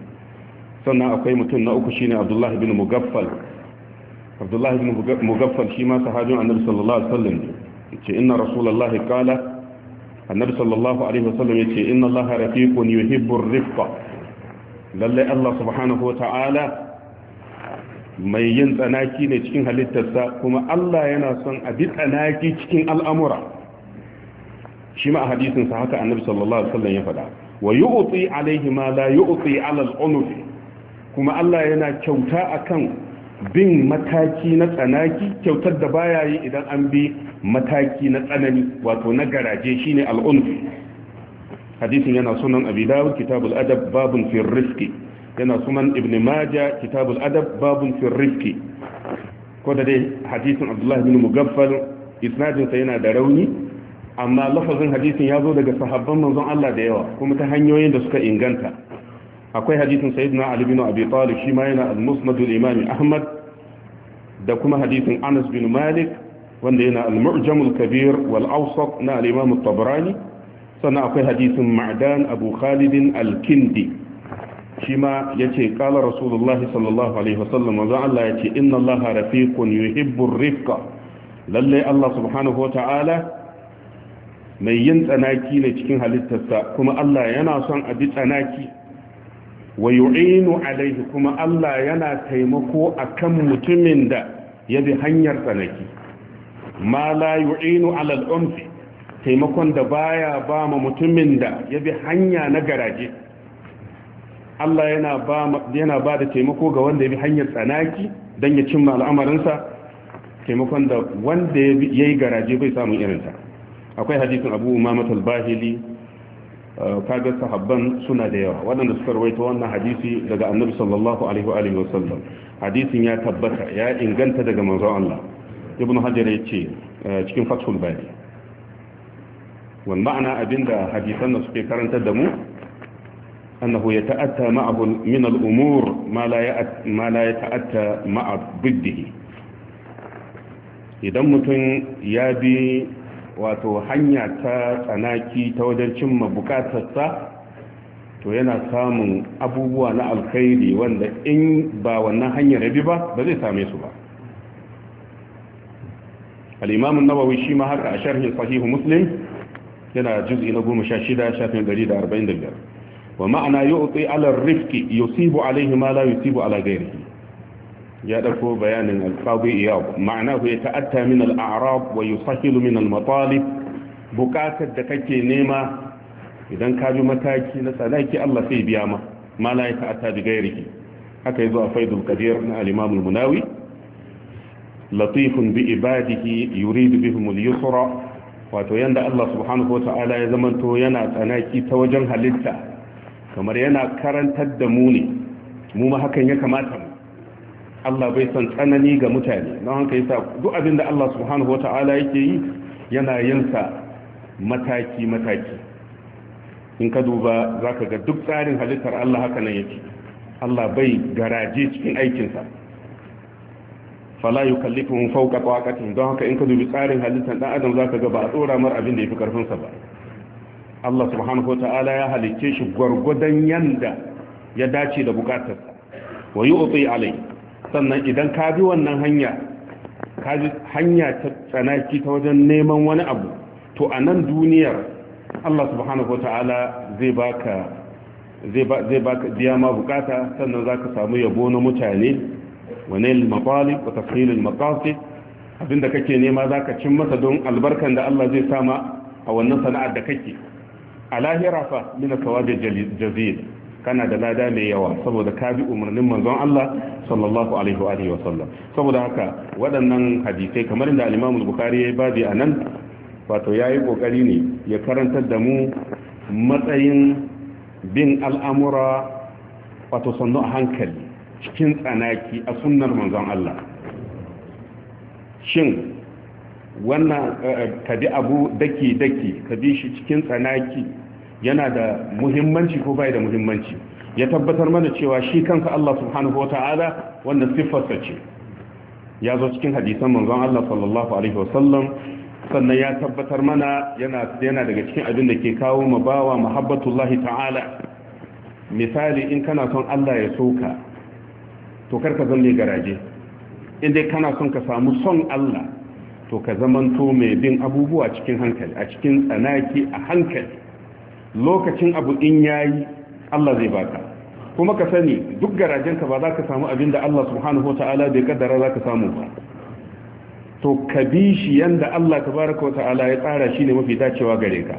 sannan akwai mutum na uku shine Abdullah bin Mugaffal abdullahi bin mugaffal shi ma sahabin annabi sallallahu alaihi wasallam ce inna rasulullahi qala annabi sallallahu alaihi wasallam yace inna allaha rafiqun yuhibbu ar-rifqa lalle allah subhanahu ta'ala. mai yin tsanaki ne cikin halittarsa kuma allah yana son a bi tsanaki cikin al'amura shi ma a hadisin sa haka annabi sallallahu alaihi wasallam ya faɗa wa yu'ti alaihi ma la yu'ti ala al-unuf kuma allah yana kyauta akan bin mataki na tsanaki kyautar da baya yi idan an bi mataki na tsanani wato na garaje shine al'unf hadisin yana sunan abi kitabul adab babun fi rizqi yana sunan ibn maja kitabul adab babun fi rizqi ko da dai hadisin abdullah bin mugaffal isnadin yana da rauni amma lafazin hadisin ya zo daga sahabban manzon Allah da yawa kuma ta hanyoyin da suka inganta akwai hadisin sayyidina ali bin abi talib shi ma yana al-musnad al-imam ahmad da kuma hadisin anas bin malik wanda yana al-mu'jam al-kabir wal awsat na al-imam at-tabrani sannan akwai hadisin ma'dan abu khalid al-kindi shi ma yace qala rasulullah sallallahu alaihi wasallam manzo Allah yace inna allaha rafiqun yuhibbu ar-rifqa lalle Allah subhanahu wa ta'ala mai yin tsanaki ne cikin halittarsa kuma Allah yana son a bi tsanaki wa yu'inu alaihi kuma Allah yana taimako akan mutumin da ya bi hanyar tsanaki ma la yu'inu alal umsi taimakon da baya ba ma mutumin da ya bi hanya na garaje Allah yana ba yana ba da taimako ga wanda ya bi hanyar tsanaki dan ya cimma al'amarinsa taimakon da wanda ya yi garaje bai samu irinta akwai hadisin Abu Umamah al-Bahili Eh, kaga sahabban suna da yawa waɗanda suka rawaita wannan hadisi daga annabi sallallahu alaihi wa alihi wasallam hadisin ya tabbata ya inganta daga manzon Allah ibnu hajar ya ce eh, cikin fathul bari wal ma'ana abinda hadisan da suke karantar da mu annahu yata'atta ma'ahu min al-umur ma la ma la yata'atta ma'a biddihi idan mutum ya bi wato hanya ta tsanaki ta wajen cimma bukatarsa to yana samun abubuwa na alkhairi wanda in ba wannan hanyar bi ba ba zai same su ba al-imam an-nawawi shi ma haka a sharhin sahih muslim yana juz'i na 16 shafin 145 wa ma'ana yu'ti ala ar-rifqi yusibu alayhi ma la yusibu ala ghayrihi ya ɗauko bayanin alƙabi iyab ma'ana ku ya ta'atta min al'arab wa yusahilu min al-matalib buƙatar da kake nema idan ka bi mataki na tsanaki Allah sai biya ma ma la ya ta'atta bi gairiki haka yazo a faidul qadir na al munawi latifun bi ibadihi yuridu bihim yusra wato yanda Allah subhanahu wata'ala ya zamanto yana tsanaki ta wajen halitta kamar yana karantar da mu ne mu ma hakan ya kamata mu Allah bai san tsanani ga mutane don haka yasa duk abin da Allah subhanahu wata'ala yake yi yana yin sa mataki mataki in ka duba zaka ga duk tsarin halittar Allah haka nan yake Allah bai garaje cikin aikin sa fala yukallifuhum fawqa taqatihim don haka in ka dubi tsarin halittar dan adam zaka ga ba a tsora mar abin da yafi karfin sa ba Allah subhanahu wata'ala ya halicce shi gwargwadon yanda ya dace da bukatarsa wa yu'ti alayhi sannan idan ka bi wannan hanya ka bi hanya ta tsanaki ta wajen neman wani abu to a nan duniyar Allah subhanahu wa ta'ala zai baka zai baka biya ma bukata sannan za ka samu yabo na mutane wane makwali wa tafsirin makwasi abinda kake nema za ka cin masa don albarkan da Allah zai sama a wannan sana'ar da kake a lahira fa min kawa da jazil kana da lada mai yawa saboda ka bi umarnin manzon Allah sallallahu alaihi wa alihi wa sallam saboda haka waɗannan hadisai kamar da al-Imam al-Bukhari yayi babi anan wato yayi kokari ne ya karantar da mu matsayin bin al'amura wato sannu a hankali cikin tsanaki a sunnar manzon Allah shin wannan eh, ka bi abu daki daki ka bi shi cikin tsanaki yana da muhimmanci ko bai da muhimmanci ya tabbatar mana cewa shi kanka Allah subhanahu wa ta'ala wanda siffarsa ce ya zo cikin hadisan manzon Allah sallallahu alaihi wasallam sannan ya tabbatar mana yana yana daga cikin abin da ke kawo ma bawa muhabbatullahi ta'ala misali in kana son Allah ya soka to karka zalle garaje in dai kana son ka samu son Allah to ka zamanto mai bin abubuwa cikin hankali a cikin tsanaki a hankali lokacin abu in yayi Allah zai baka kuma ka sani duk garajenka ba za ka samu abin da Allah subhanahu wa ta'ala bai kaddara za ka samu ba to ka bi shi yanda Allah tabaraka wa ta'ala ya tsara shi ne mafi dacewa gare ka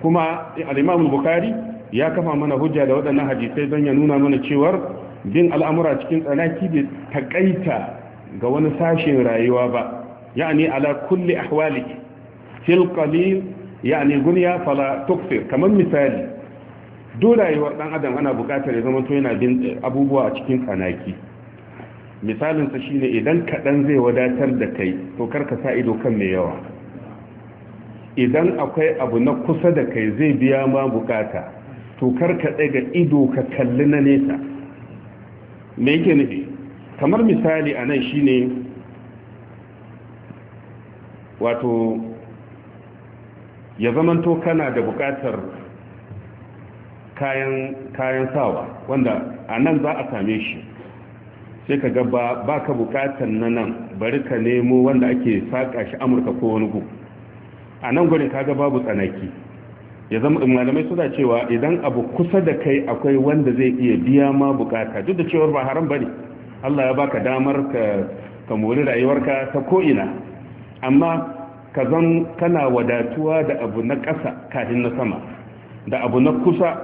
kuma al-Imam Bukhari ya kafa mana hujja da waɗannan hadisai don ya nuna mana cewar bin al'amura cikin tsanaki bai takaita ga wani sashen rayuwa ba ya'ani ala kulli ahwali fil qalil yani gunya fala tukfir kamar misali dole rayuwar dan adam ana bukatar ya zama to yana bin eh, abubuwa a cikin kanaki misalin sa shine idan kaɗan zai wadatar da kai to karka sa ido kan mai yawa idan akwai abu na kusa da kai zai biya ma bukata to karka daga ido ka kalli na nesa me yake nufi kamar misali anan shine wato ya zamanto kana da bukatar kayan sawa wanda a nan za a same shi sai ka gaba ba ka bukatar na nan bari ka nemo wanda ake saƙa shi amurka ko wani gu a nan gwani ka kaga babu tsanaki ya zama malamai suna cewa idan abu kusa da kai akwai wanda zai iya biya ma bukata duk da cewar ba haram bane Allah ya baka damar ka ka mori rayuwarka ta ko'ina amma ka zan kana wadatuwa da abu na ƙasa kafin na sama da abu na kusa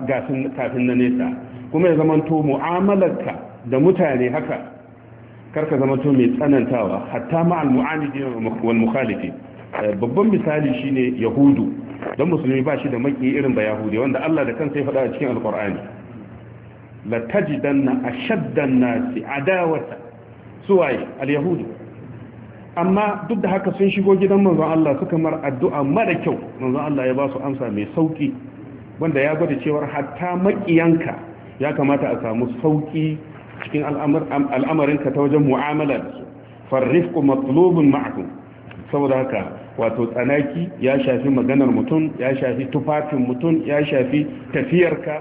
kafin na nesa kuma ya zamanto mu'amalarka da mutane haka karka zamanto mai tsanantawa hatta ma'al mu'amidi wal mukhalifi eh, babban misali shine yahudu don musulmi ba shi da maki irin ba yahudi wanda Allah da kansa ya faɗa a cikin alkur'ani la tajidanna ashaddan nasi adawata suwaye al-yahudu amma duk da haka sun shigo gidan manzon Allah suka mar addu'a mara kyau manzon Allah ya ba su amsa mai sauki wanda ya gwada cewar hatta maƙiyanka ya kamata a samu sauki cikin al'amarinka ta wajen mu'amala da su farrifku matlubun ma'akum saboda haka wato tsanaki ya shafi maganar mutum ya shafi tufafin mutum ya shafi tafiyarka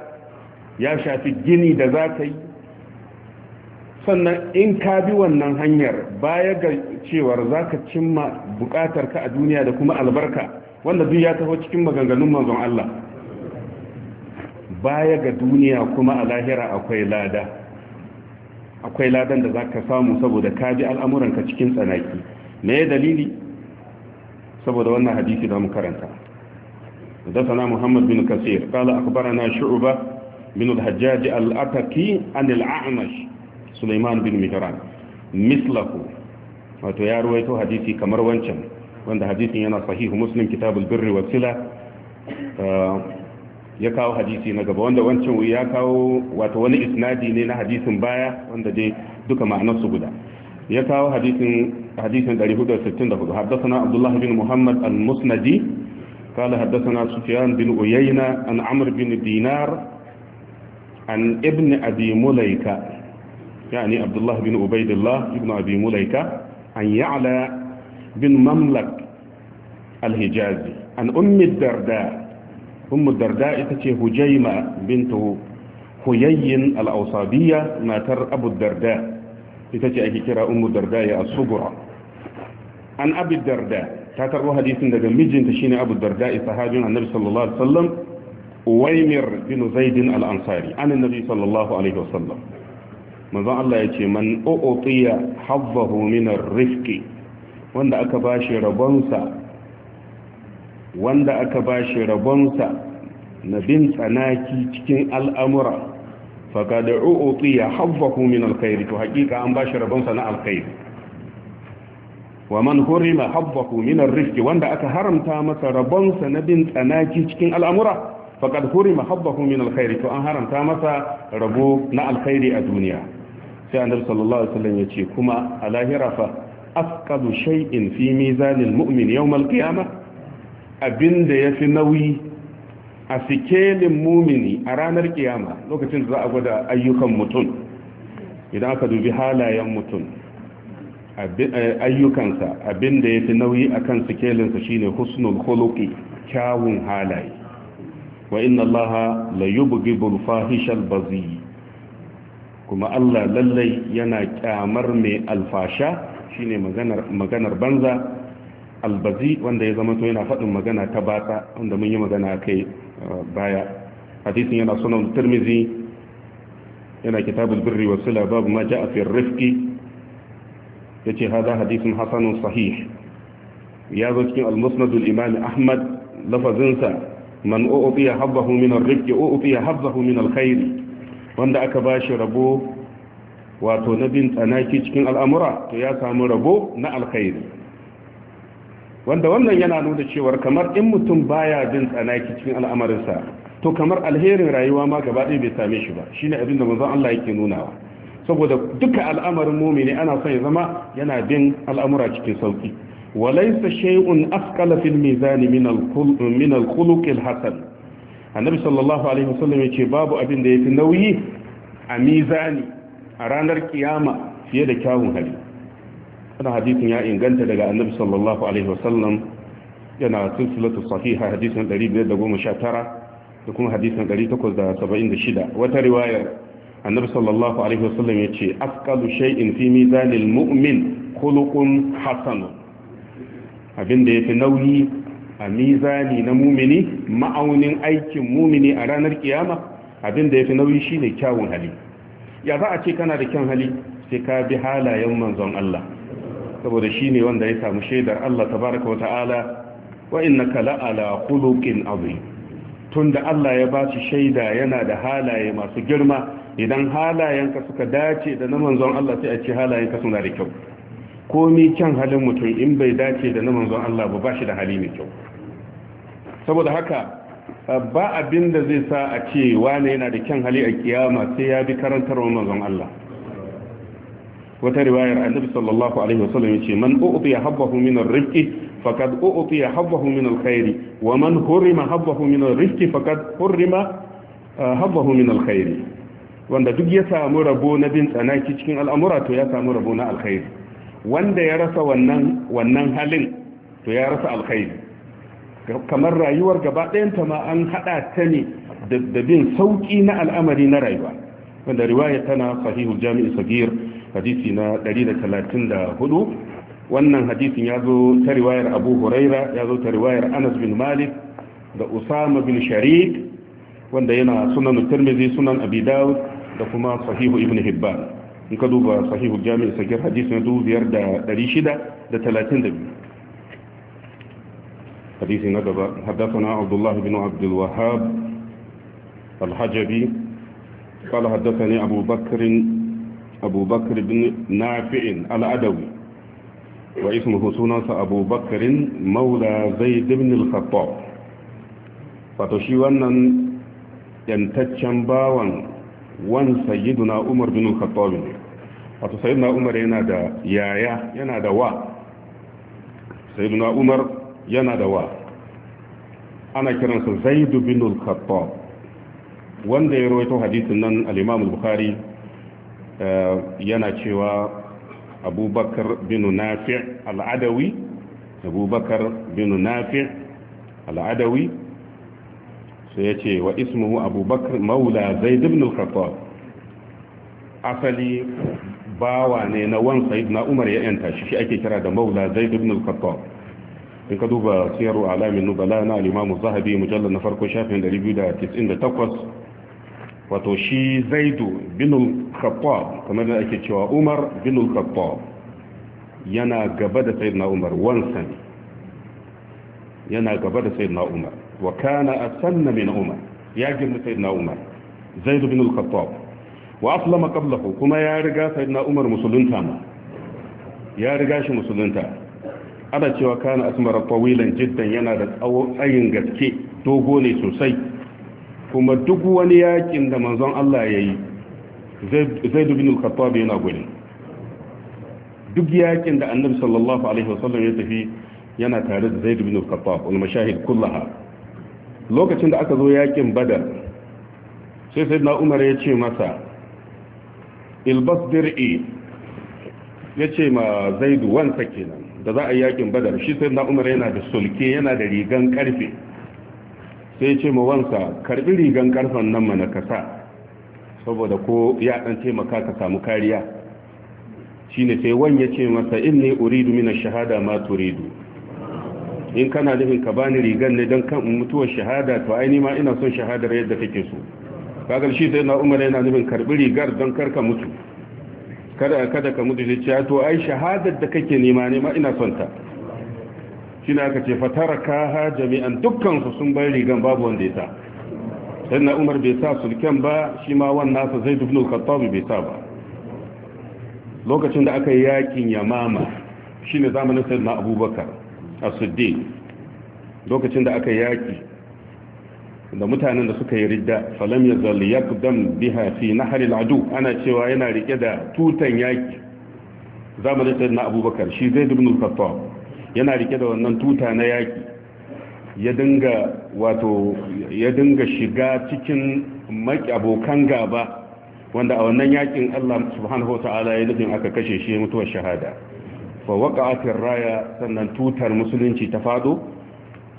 ya shafi gini da za ka yi sannan in ka bi wannan hanyar baya ga cewar za ka cimma ka a duniya da kuma albarka wanda duk ya taho cikin maganganun manzon Allah baya ga duniya kuma a lahira akwai lada akwai ladan da za ka samu saboda ka bi al'amuranka cikin tsanaki me dalili saboda wannan hadisi da mu karanta حدثنا محمد بن كثير قال أخبرنا شعبة بن الحجاج الأتكي عن الأعمش Suleiman bin Mihran mislahu wato ya ruwaito hadisi kamar wancan wanda hadisin yana sahihu Muslim kitabul birri wa sila ya kawo hadisi na gaba wanda wancan ya kawo wato wani isnadi ne na hadisin baya wanda dai duka ma'anar su guda ya kawo hadisin hadisin 464 haddathana Abdullahi bin Muhammad al-Musnadi قال حدثنا سفيان بن عيينة عن عمرو بن دينار عن ابن أبي مليكة يعني عبد الله بن عبيد الله بن أبي مليكة عن يعلى بن مملك الحجازي عن أم الدرداء أم الدرداء تتي هجيمة بنت هيي الأوصابية ما تر أبو الدرداء تتي اي كرا أم الدرداء الصبرة عن أبي الدرداء تتروا حديث دقا مجن تشيني أبو الدرداء صحابي عن النبي صلى الله عليه وسلم ويمر بن زيد الأنصاري عن النبي صلى الله عليه وسلم manzon Allah ya ce man u'tiya habbahu min ar-rifqi wanda aka bashi rabonsa wanda aka bashi rabonsa na bin tsanaki cikin al'amura faqad u'tiya habbahu min al-khair to hakika an bashi rabonsa na al-khair wa man hurima habbahu min ar-rifqi wanda aka haramta masa rabonsa na bin tsanaki cikin al'amura faqad hurima habbahu min al-khair to an haramta masa rabo na al-khairi a duniya sai annabi sallallahu alaihi wasallam ya ce kuma a lahira fa afqalu shay'in fi mizanil mu'min yawm al-qiyamah abinda yafi nauyi a sikelin mumini a ranar kiyama lokacin da za a gwada ayyukan mutum idan aka dubi halayen mutum eh, ayyukansa abinda yafi nauyi a kan sikelinsa shine husnul khuluqi kyawun halaye wa inna allaha la yubghidul fahishal bazi kuma Allah lallai yana kyamar mai alfasha shine maganar maganar banza albazi wanda ya zama to yana faɗin magana ta batsa wanda mun yi magana kai uh, baya hadisin yana sunan Turmizi, yana kitabul birri was sila babu ma ja'a fi rifqi yace hada hadisin hasanun sahih ya zo cikin al-musnad al-imam ahmad lafazinsa man u'tiya habbahu min ar-rifqi u'tiya habbahu min al-khair wanda aka ba shi rabo wato na bin tsanaki cikin al'amura to ya samu rabo na alkhairi wanda wannan yana nuna cewar kamar in mutum baya bin tsanaki cikin al'amarinsa to kamar alherin rayuwa ma gaba ɗaya bai same shi ba shine abin da manzon Allah yake nunawa saboda duka al'amarin mumini ana son ya zama yana bin al'amura cikin sauki walaysa shay'un afqala fil mizani min al-khuluq min al-khuluq al annabi sallallahu alaihi wasallam ya ce babu abin da ya fi nauyi a mizani a ranar kiyama fiye da kyawun hali wannan hadisin ya inganta daga annabi sallallahu alaihi wasallam yana silsilatu sahiha hadisin 1519 da kuma hadisin 1876 wata riwayar annabi sallallahu alaihi wasallam ya ce afqalu shay'in fi mizanil mu'min khuluqun hasan abin da fi nauyi a mizani na mumini ma'aunin aikin mumini a ranar kiyama abin da ya fi nauyi shine kyawun hali ya za a ce kana da kyan hali sai ka bi halayen manzon Allah saboda shine wanda ya samu shaidar Allah tabaraka wa ta'ala wa innaka la'ala khuluqin tunda Allah ya ba shi shaida yana da halaye masu girma idan halayenka suka dace da na manzon Allah sai a ce halayenka suna da kyau komi kyan halin mutum in bai dace da na manzon Allah ba ba shi da hali mai kyau saboda haka eh, ba abin da zai sa a ce wane yana da kyan hali a kiyama sai ya bi karantar wa mazan Allah wata riwayar annabi sallallahu alaihi wasallam yace man u'tiya habbahu min ar-rifqi faqad u'tiya habbahu min al-khair wa man hurima habbahu min ar-rifqi faqad hurima eh, habbahu min al-khair wanda duk ya samu rabo na bin tsanaki cikin al'amura to ya samu rabo na alkhairi wanda ya rasa wannan wannan halin to ya rasa alkhairi kamar rayuwar gaba ɗayanta ma an haɗa ta ne da bin sauƙi na al'amari na rayuwa wanda riwaya tana sahihul jami'i sagir hadisi na 134 wannan hadisin ya zo ta riwayar abu huraira ya zo ta riwayar anas bin malik da usama bin sharik wanda yana sunan turmizi sunan abi dawud da kuma sahihu ibn hibban in ka duba sahihu jami'i sagir hadisi na 2632 حديث ندب حدثنا عبد الله بن عبد الوهاب الحجبي قال حدثني أبو بكر أبو بكر بن نافع الأدوي واسمه سونس أبو بكر مولى زيد بن الخطاب فتشيوانا ينتجن باوا وان سيدنا عمر بن الخطاب ne عمر ينادى umar yana da yaya yana yana da wa ana kiransa zaidu bin al-khattab wanda ya rawaito hadisin nan al-imam al-bukhari eh, yana cewa abubakar bin nafi' al-adawi abubakar bin nafi' al-adawi sai ya ce wa ismuhu abubakar maula zaid ibn al-khattab asali bawa ne na wan sayyidina umar ya yanta shi shi ake kira da maula zaid ibn al-khattab in ka duba siyaru alamin nubala na alimamu zahabi mujallar na farko shafin 298 wato shi zaidu binul khattab kamar da ake cewa umar binul khattab yana gaba da sayyidina umar wansan yana gaba da sayyidina umar wa kana asanna min umar ya girma sayyidina umar zaidu binul khattab wa aslama qablahu kuma ya riga sayyidina umar musulunta ma ya riga shi musulunta ana cewa kana asmara tawilan jiddan yana da tsayin gaske dogo ne sosai kuma duk wani yakin da manzon Allah ya yi zai dubin al-khattab yana gudu duk yakin da annabi sallallahu alaihi wasallam ya tafi yana tare da zai dubi al-khattab wal mashahid kullaha lokacin da aka zo yakin badar sai na umar ya ce masa ilbas dir'i ya ce ma zaidu wanta kenan da za a yi yakin badar shi sai na umar yana da sulke yana da rigan karfe sai ce ma wansa karbi rigan karfen nan mana kasa saboda ko ya dan taimaka ka samu kariya shine sai wan ya ce masa inni uridu min ash-shahada ma turidu in kana nufin ka bani rigan ne dan kan mutuwar shahada to ai ma ina son shahadar yadda kake so kaga shi sai na umar yana nufin karbi rigar dan karka mutu kada kada ka mutu shi cewa to ai shahadar da kake nema nema ina son ta shi ne aka ce fataraka ha jami'an dukkan su sun bar rigan babu wanda ya sa sai umar bai sa sulken ba shi ma wannan sa zai dubnu khattabi bai sa ba lokacin da aka yi yakin yamama shine zamanin sayyidina abubakar as-siddiq lokacin da aka yaki da mutanen da suka yi ridda falam ya ya yaqdam biha fi nahr al ana cewa yana rike da tutan yaki zamanin na abubakar shi zai ibn al yana rike da wannan tuta na yaki ya dinga wato ya dinga shiga cikin maki abokan gaba wanda a wannan yakin Allah subhanahu ta'ala ya nufin aka kashe shi mutuwar shahada fa waqa'at raya sannan tutar musulunci ta fado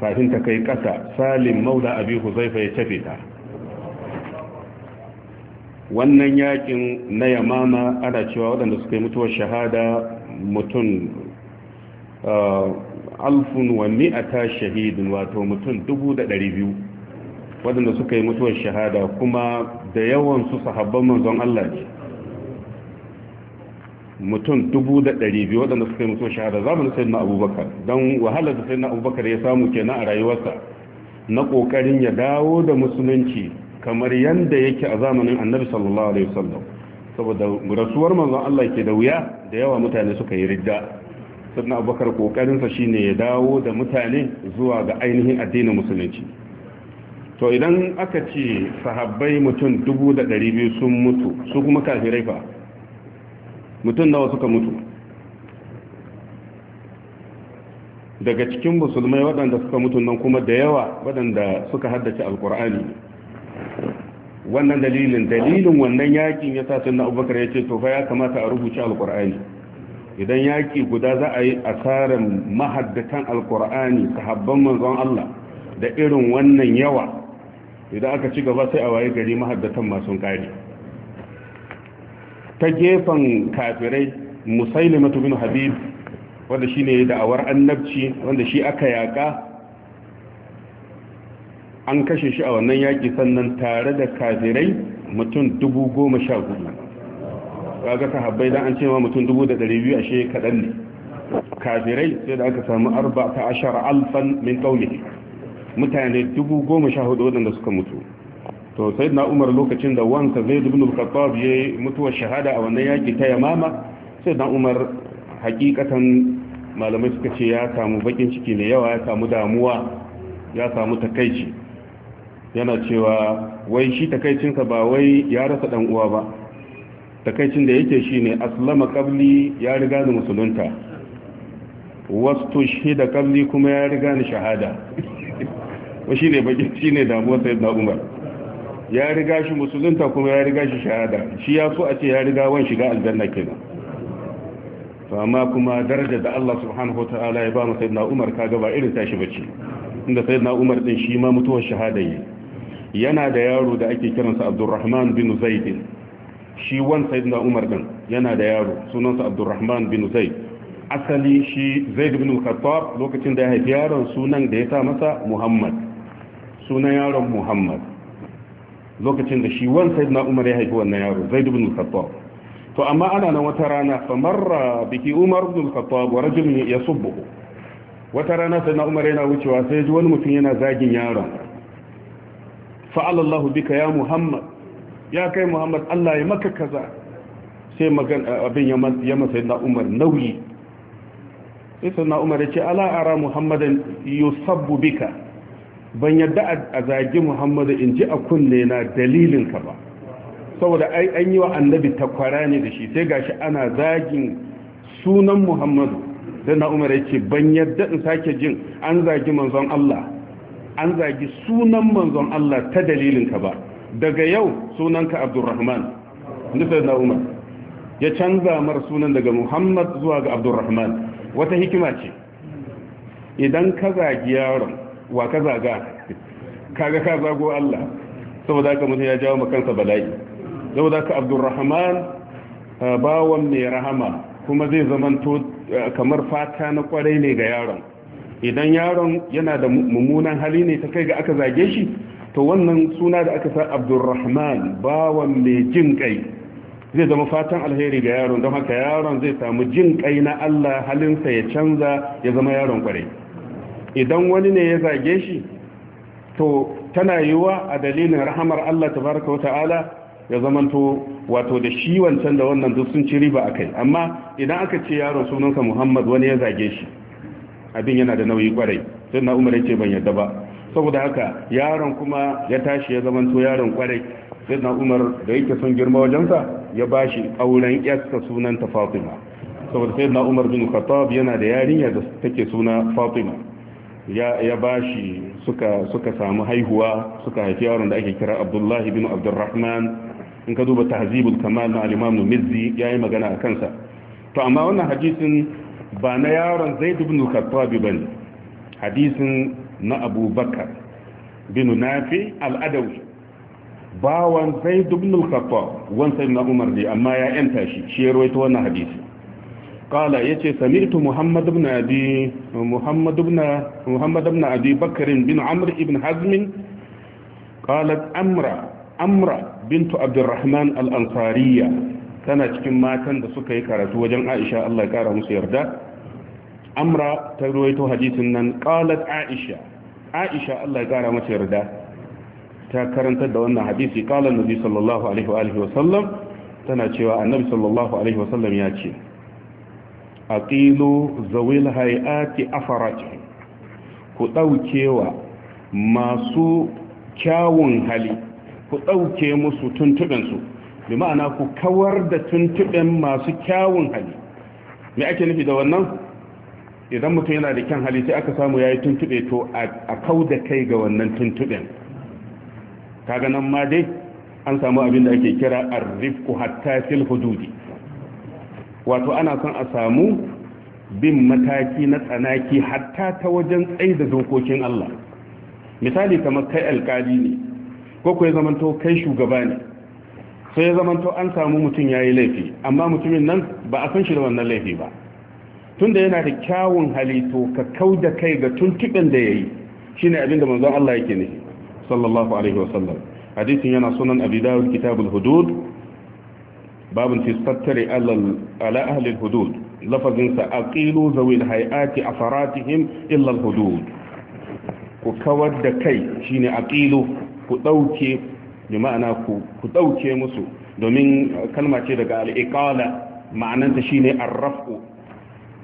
kafin ta kai ƙasa salim maula abi huzaifa ya tafi ta wannan yakin na yamama ana cewa waɗanda suka yi mutuwar shahada mutum uh, alfun wa mi'ata shahidin wato mutum dubu da ɗari biyu waɗanda suka yi mutuwar shahada kuma da yawan su sahabban manzon Allah ne mutum dubu da ɗari biyu waɗanda suka yi mutum shahada mu sai na abubakar don wahalar da sai na abubakar ya samu kenan a rayuwarsa na ƙoƙarin ya dawo da musulunci kamar yadda yake a zamanin annabi sallallahu alaihi wasallam saboda rasuwar manzon Allah ke da wuya da yawa mutane suka yi ridda sai na abubakar ƙoƙarinsa shine ya dawo da mutane zuwa ga ainihin addinin musulunci to idan aka ce sahabbai mutum dubu da ɗari biyu sun mutu su kuma kafirai fa mutum nawa suka mutu daga cikin musulmai waɗanda suka mutu nan kuma da yawa waɗanda suka haddace alkur'ani wannan dalilin dalilin wannan yakin ya sa na abubakar ya ce to fa ya kamata a rubuce alkur'ani idan yaki guda za a yi asarar mahaddatan alkur'ani sahabban manzon Allah da irin wannan yawa idan aka ci gaba sai a waye gari mahaddatan masu kare ta gefen kafirai musailimatu bin habib wanda shi ne da'awar annabci wanda shi aka yaka an kashe shi a wannan yaƙi sannan tare da kafirai mutum dubu goma sha hudu kaga sahabbai dan an cewa mutum dubu da ɗari biyu ashe kaɗan ne kafirai sai da aka samu arba ta ashar alfan min ƙaunihi mutane dubu goma sha hudu waɗanda suka mutu to sai na umar lokacin da wanka zai dubin al-khattab ya mutuwa mutuwar shahada a wannan yaki ta yamama sai na umar hakikatan malamai suka ce ya samu bakin ciki ne yawa ya samu damuwa ya samu takaici yana cewa wai shi takaicinsa ba wai ya rasa dan uwa ba takaicin da yake shine aslama qabli ya riga ni musulunta shi da qabli kuma ya riga ni shahada wa ne bakin damuwa sai na umar ya riga shi musulunta kuma ya riga shi shahada shi ya so a ce ya riga wani shiga aljanna kenan to amma kuma darajar da Allah subhanahu wataala ya ba mu sayyidina Umar kaga ba irin tashi bace inda sayyidina Umar din shi ma mutuwar shahada yi yana da yaro da ake kiransa Abdurrahman bin Zaid shi wan sayyidina Umar din yana da yaro sunansa Abdurrahman bin Zaid asali shi Zaid bin Khattab lokacin da ya haifi yaron sunan da ya sa masa Muhammad sunan yaron Muhammad lokacin da shi wani wan na umar ya haifi wannan yaro zaid ibn khattab to amma ana nan wata rana fa biki umar ibn khattab wa ya yasubbuhu wata rana na umar yana wucewa sai ji wani mutum yana zagin yaron fa'ala Allah bika ya muhammad ya kai muhammad Allah ya maka kaza sai magana abin ya masa sayyidina umar nauyi sai sayyidina umar ya ce ala ara muhammadan yusabbu bika ban yadda a zagi muhammadu in ji a kunne na dalilinka ba saboda ai an yi wa annabi takwara ne da shi sai gashi ana zagin sunan muhammadu da na umar yake ban yadda in sake jin an zagi manzon Allah an zagi sunan manzon Allah ta dalilinka ba daga yau sunanka abdurrahman nufin na umar ya canza mar sunan daga muhammad zuwa ga abdurrahman wata hikima ce idan ka zagi yaron wa ka zaga kaga ka zago Allah saboda haka mutum ya jawo kansa bala'i saboda haka abdurrahman bawan mai rahama kuma zai zamanto kamar fata na kwarai ne ga yaron idan yaron yana da mummunan hali ne ta kai ga aka zage shi to wannan suna da aka sa abdurrahman bawan mai jin kai zai zama fatan alheri ga yaron don haka yaron zai samu jin kai na Allah halinsa ya canza ya zama yaron kwarai idan wani ne ya zage shi to tana yiwa a dalilin rahamar Allah tabaraka wa ta'ala ya zamanto wato da shi wancan da wannan duk sun ci riba kai. amma idan aka ce yaron sunansa Muhammad wani ya zage shi abin yana da nauyi kwarai sai na Umar yace ban yadda ba saboda haka yaron kuma ya tashi ya zamanto yaron kwarai sai na Umar da yake son girma wajensa ya bashi auren yarsa sunanta Fatima saboda sai na Umar bin Khattab yana da yarinya da take suna Fatima ya bashi suka suka samu haihuwa suka haifi yaron da ake kira abdullahi bin abdurrahman in ka duba tahzibul kamal na al-imam mizzi yayi magana a kansa to amma wannan hadisin ba na yaron zaid ibn al-khattab bane hadisin na abubakar bin nafi al bawan zai ibn al-khattab wan umar ne amma ya yanta shi shi ya rawaito wannan hadisi قال يتي سمعت محمد بن أبي محمد بن محمد بن أبي بكر بن عمرو بن حزم قالت أمرا أمرا بنت عبد الرحمن الأنصارية tana cikin matan da suka yi karatu wajen Aisha Allah ya kara musu yarda Amra ta ruwaito hadisin nan qalat Aisha Aisha Allah ya kara mata yarda ta karanta da wannan hadisi qala Nabi sallallahu alaihi wa sallam tana cewa Annabi sallallahu alaihi wa sallam ya ce aqilu zawil hayati afarajihim ku ɗaukewa masu kyawun hali ku ɗauke musu tuntuɓensu bi ma'ana ku kawar da tuntuɓen masu kyawun hali me ake nufi da wannan idan mutum yana da kyan hali sai aka samu ya yi tuntuɓe to a kau da kai ga wannan tuntuɓen kaga nan ma dai an samu abin da ake kira arrifku hatta fil hududi wato ana son a samu bin mataki na tsanaki hatta ta wajen tsaye da dokokin Allah misali kamar kai alkali ne ko kuwa ya zamanto kai shugaba ne sai ya zamanto an samu mutum ya yi laifi amma mutumin nan ba a san shi da wannan laifi ba tunda yana da kyawun halito ka kau da kai ga tuntuɓen da ya yi shi ne abinda manzon Allah yake ne sallallahu alaihi wasallam hadisin yana sunan abi dawud kitabul hudud babun fi sattare ala ahlil hudud lafazinsa zaune zawil hayati a illa al hudud ku kawar da kai shine ƙilu ku ɗauke bi ma'ana ku ku dauke musu domin kalma ce daga al ma'ananta shi ne rafu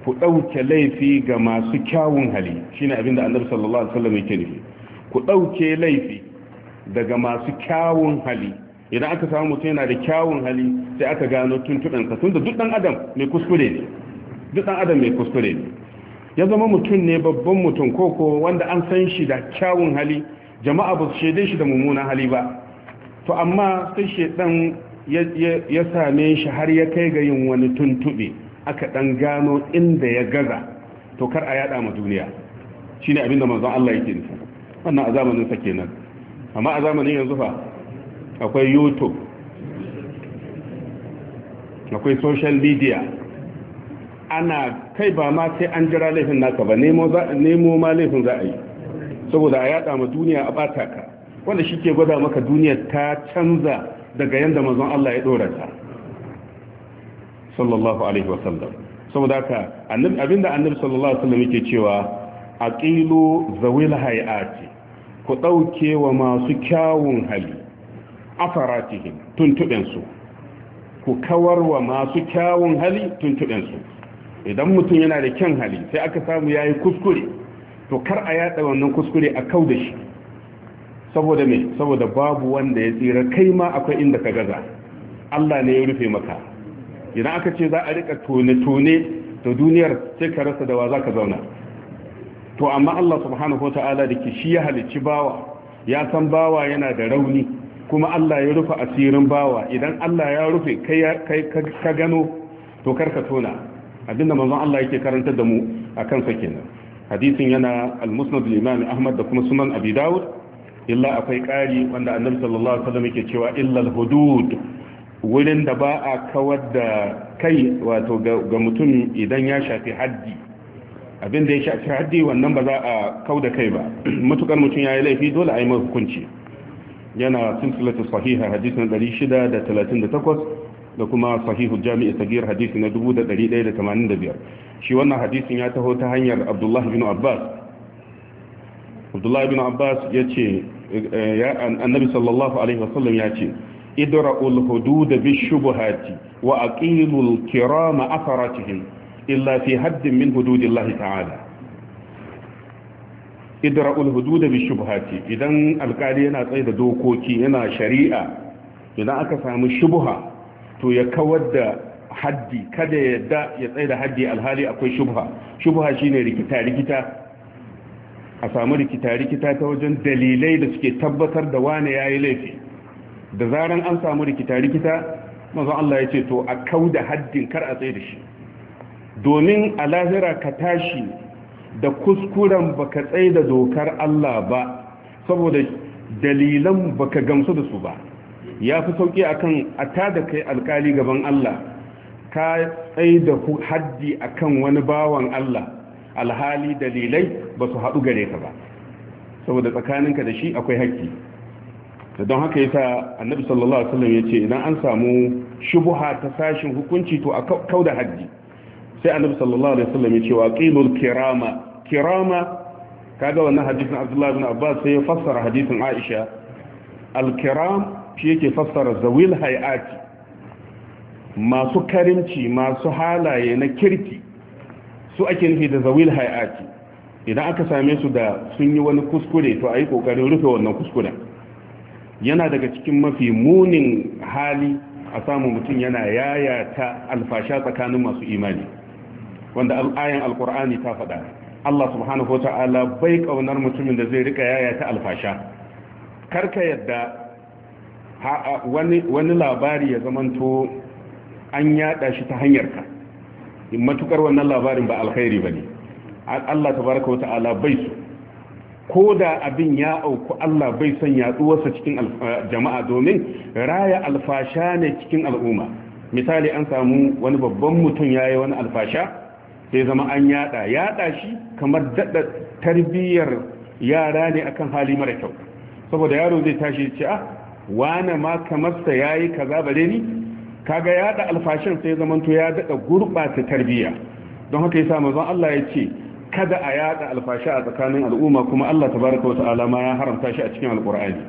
ku ɗauke laifi ga masu kyawun hali shine abin da annabi sallallahu alaihi wasallam yake nufi ku ɗauke laifi daga masu kyawun hali idan aka samu mutum yana da kyawun hali sai aka gano ka tun da duk ɗan adam mai kuskure ne duk ɗan adam mai kuskure ne ya zama mutum ne babban mutum koko wanda an san shi da kyawun hali jama'a ba su shaidai shi da mummunan hali ba to amma sai shaidan ya same shi har ya kai ga yin wani tuntuɓe aka ɗan gano inda ya gaza to kar a yaɗa ma duniya shine abinda manzon Allah yake nufi wannan a zamanin sa kenan amma a zamanin yanzu fa akwai youtube akwai social media ana kai ba ma sai an jira laifin naka ba nemo ma laifin za a yi saboda a yada ma duniya a bata ka wanda shi ke gwada maka duniya ta canza daga yadda mazan Allah ya dora ta sallallahu alaihi wasallam saboda haka abinda annabi sallallahu alaihi wasallam yake cewa aqilu zawil hayati ku dauke wa masu kyawun hali afaratihim tuntuɓensu ku kawar wa masu kyawun hali tuntuɓensu idan mutum yana da kyan hali sai aka samu ya yi kuskure to kar a yada wannan kuskure a kau da shi saboda me saboda babu wanda ya tsira kai ma akwai inda ka gaza Allah ne ya rufe maka idan aka ce za a rika tone-tone to duniyar sai ka rasa da wa za ka zauna to amma Allah subhanahu wa ta'ala da ke shi ya halicci bawa ya san bawa yana da rauni kuma Allah ya rufe asirin bawa idan Allah ya rufe kai ka gano to karka tona abinda manzon Allah yake karantar da mu akan sa kenan hadisin yana al-musnad al-imam Ahmad da kuma sunan Abi Dawud illa akwai ƙari wanda annabi sallallahu alaihi wasallam yake cewa illa al-hudud wurin da ba a kawar da kai wato ga mutum idan ya shafi haddi abinda ya shafi haddi wannan ba za a kau da kai ba matukar mutum ya yi laifi dole a yi hukunci yana silsilatu sahiha hadisi na 638 da kuma sahihu jami'i sagir hadisi na 1185 shi wannan hadisin ya taho ta hanyar abdullah bin abbas abdullah bin abbas ya ce eh, annabi sallallahu alaihi wasallam ya ce idra'ul hudud bi shubuhati wa aqilul kirama asaratihim illa fi haddin min hududillahi ta'ala idra'ul hudud bi shubhati idan alkali yana tsaye da dokoki yana shari'a idan aka samu shubha to ya kawar da haddi kada ya da ya tsaye da haddi alhali akwai shubha shubha shine rikita rikita a samu rikita rikita ta wajen dalilai da suke tabbatar da wane yayi laifi da zaran an samu rikita rikita manzo Allah ya ce to a kauda haddin kar a tsaye da shi domin a lahira ka tashi da kuskuren baka tsaye da dokar Allah ba saboda dalilan baka gamsu da su ba ya fi sauki akan a ta da kai alkali gaban Allah ka tsaye da haddi kan wani bawan Allah alhali dalilai ba su haɗu gare ka ba saboda tsakaninka da shi akwai haƙƙi da don haka yasa annabi sallallahu alaihi wasallam yace idan an samu shubuha ta sashin hukunci to a da haddi sai annabi sallallahu alaihi wasallam ya ce wa qilul kirama kirama kaga wannan hadisin Abdullah ibn Abbas sai ya fassara hadisin Aisha al-kiram shi yake fassara zawil hayati masu karimci masu halaye na kirki su ake nufi da zawil hayati idan aka same su da sun yi wani kuskure to ayi kokarin rufe wannan kuskuren yana daga cikin mafi munin hali a samun mutum yana yayata alfasha tsakanin masu imani wanda ayan alkur'ani ta faɗa Allah subhanahu wa ta'ala bai kaunar mutumin da zai rika yaya ta alfasha karka yadda wani labari ya zamanto an yada shi ta hanyarka matukar wannan labarin ba alkhairi ba ne Allah tabaraka wa ta'ala bai su ko da abin ya auku Allah bai son yaduwarsa cikin jama'a domin raya alfasha ne cikin al'umma misali an samu wani babban mutum ya yi wani alfasha sai zama an yada yada shi kamar dada tarbiyyar yara ne akan hali mara kyau saboda yaro zai tashi ce ah wane ma kamar sa yayi kaza bare ni kaga yada alfashin sai zama to ya dada gurɓata tarbiyya don haka yasa manzon Allah ya ce kada a yada alfashi a tsakanin al'umma kuma Allah tabaraka wata'ala ma ya haramta shi a cikin alqur'ani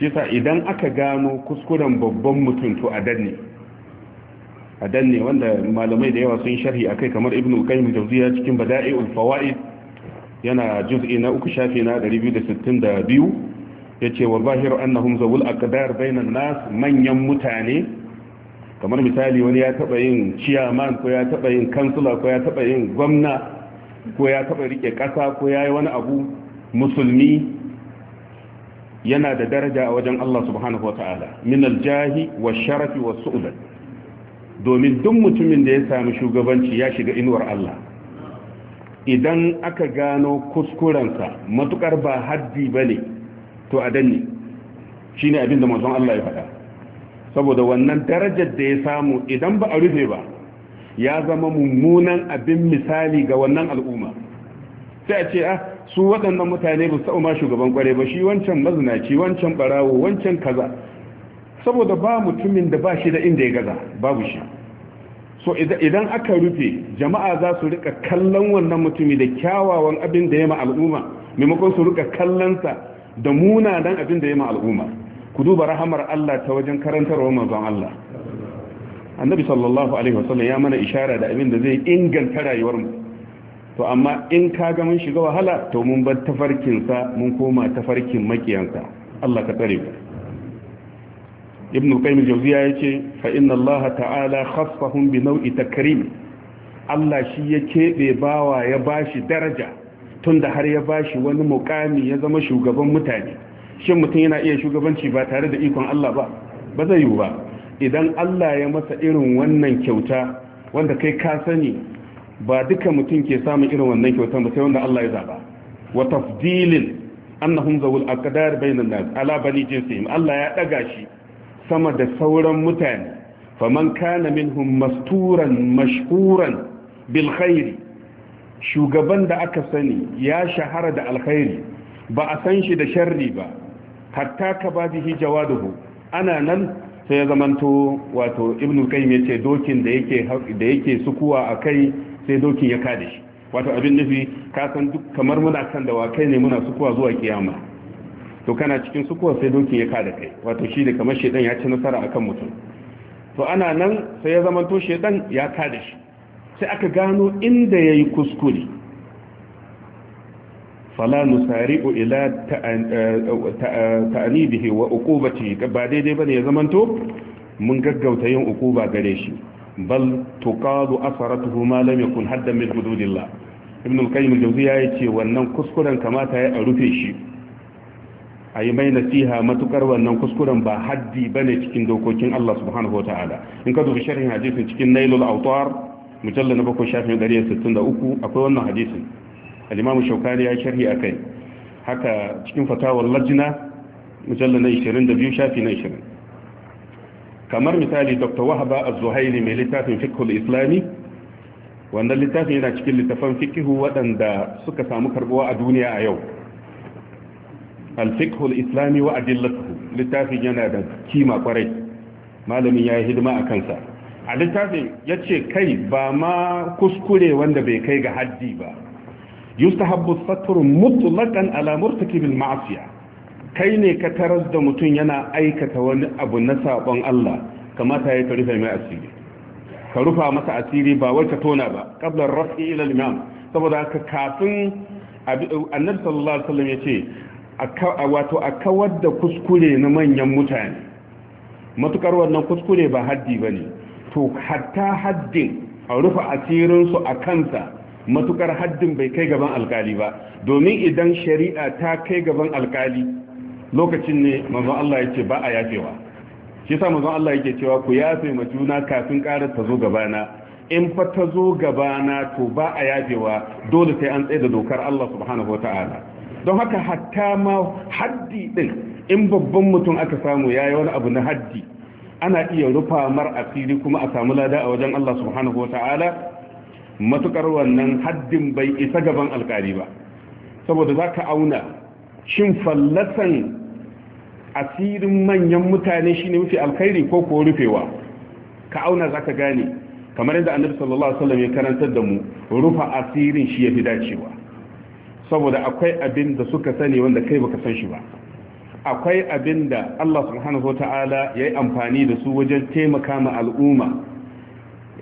shi yasa idan aka gano kuskuren babban mutum to a danne dan ne wanda malamai da yawa sun sharhi akai kamar ibnu qayyim jawziya cikin bada'iul fawaid yana juz'i na uku shafi na 262 yace wa zahiru annahum zawul aqdar bainan nas manyan mutane kamar misali wani ya taba yin chairman ko ya taba yin kansula ko ya taba yin gwamna ko ya taba rike kasa ko yayi wani abu musulmi yana da daraja a wajen Allah subhanahu wa ta'ala min aljahi wa sharafi wa su'udat domin duk mutumin da ya sami shugabanci ya shiga inuwar Allah idan aka gano kuskurensa matukar ba haddi ba ne to a danne shi ne abinda mazan Allah ya faɗa saboda wannan darajar da ya samu idan ba a rufe ba ya zama mummunan abin misali ga wannan al'umma sai a ce a ah, su waɗannan mutane ba su ma shugaban kware ba shi wancan mazinaci wancan barawo wancan kaza saboda ba mutumin da ba shi da inda ya gaza babu shi so idan aka rufe jama'a za su rika kallon wannan mutumi da kyawawan abin da ya ma al'umma maimakon su rika kallonsa da munanan abin da ya ma al'umma ku duba rahamar Allah ta wajen karantarwa manzon Allah annabi sallallahu alaihi wasallam ya mana ishara da abin da zai inganta rayuwar mu to amma in ka ga mun shiga wahala to mun bar tafarkin sa mun koma tafarkin makiyanka Allah ka tsare ku ibn al-qayyim al-jawziya yace fa inna Allah ta'ala khassahum bi naw'i takrim Allah shi ya kebe bawa ya bashi daraja tunda har ya bashi wani mukami ya zama shugaban mutane shin mutum yana iya shugabanci ba tare da ikon Allah ba ba zai yiwu ba idan Allah ya masa irin wannan kyauta wanda kai ka sani ba duka mutum ke samun irin wannan kyauta ba sai wanda Allah ya zaba wa tafdilin annahum zawul aqdar bainan nas ala bani jinsihim Allah ya daga shi sama da sauran mutane faman kana minhum masturan mashhuran bil shugaban da aka sani ya shahara da alkhairi ba a san shi da sharri ba hatta ka ba bihi jawaduhu ana nan sai ya zamanto wato ibnu kayyim yace dokin da yake da yake sukuwa akai sai dokin ya kada shi wato abin nufi ka san duk kamar muna kan kai ne muna sukuwa zuwa kiyama to kana cikin sukuwa sai dokin ya kada kai wato shi da kamar shaidan ya ci nasara akan mutum to ana nan sai ya zamanto shaidan ya kada shi sai aka gano inda ya yi kuskure fala nusari'u ila eh, eh, ta'anibihi wa uqubati ba daidai bane ya zamanto mun gaggauta yin uquba gare shi bal tuqadu asaratuhu ma lam yakun hadda min hududillah ibn al-qayyim al-jawziyya yace wannan kuskuren kamata ya rufe shi a yi mai nasiha matukar wannan kuskuren ba haddi ba ne cikin dokokin Allah subhanahu wa ta'ala in ka dubi sharhin hadisin cikin nailul autar mujallar na bakwai shafin 163 akwai wannan hadisin al-imam shaukani ya sharhi akai haka cikin fatawar lajna mujallar na 22 shafi na 20 kamar misali dr wahaba az-zuhaili mai littafin fiqhul islami wannan littafin yana cikin littafan fikihu waɗanda suka samu karbuwa a duniya a yau alfikhul islami wa adillatuhu littafin yana da kima kwarai malamin ya yi hidima a kansa a littafin ya ce kai ba ma kuskure wanda bai kai ga haddi ba yustahabbu satr mutlaqan ala murtakibil ma'asiya kai ne ka taras da mutum yana aikata wani abu na sabon Allah kamata ya ka rufe mai asiri ka rufa masa asiri ba wai ka tona ba Kabla rafi ila saboda haka kafin annabi sallallahu alaihi wasallam yace wato a kawar da kuskure na manyan mutane matukar wannan kuskure ba haddi ba ne to hatta haddin a rufe asirinsu a kansa matukar haddin bai kai gaban alkali ba domin idan shari'a ta kai gaban alkali lokacin ne manzon Allah ya ce ba a yafewa shi sa manzon Allah yake cewa ku yafe ma juna kafin ƙara ta zo gabana in fa ta zo gabana to ba a yafewa dole sai an tsaye da dokar Allah subhanahu wataala don haka hatta ma haddi din in babban mutum aka samu ya yi wani abu na haddi ana iya rufa mar asiri kuma a samu lada a wajen Allah subhanahu wa ta'ala matukar wannan haddin bai isa gaban alkali ba saboda za ka auna shin fallasan asirin manyan mutane shi ne mafi alkhairi ko ko rufewa ka auna za ka gane kamar yadda annabi sallallahu alaihi wasallam ya karantar da mu rufa asirin shi yafi dacewa saboda akwai abin da suka sani wanda kai baka san shi ba akwai abin da Allah subhanahu wa ya yi amfani da su wajen taimaka ma al'umma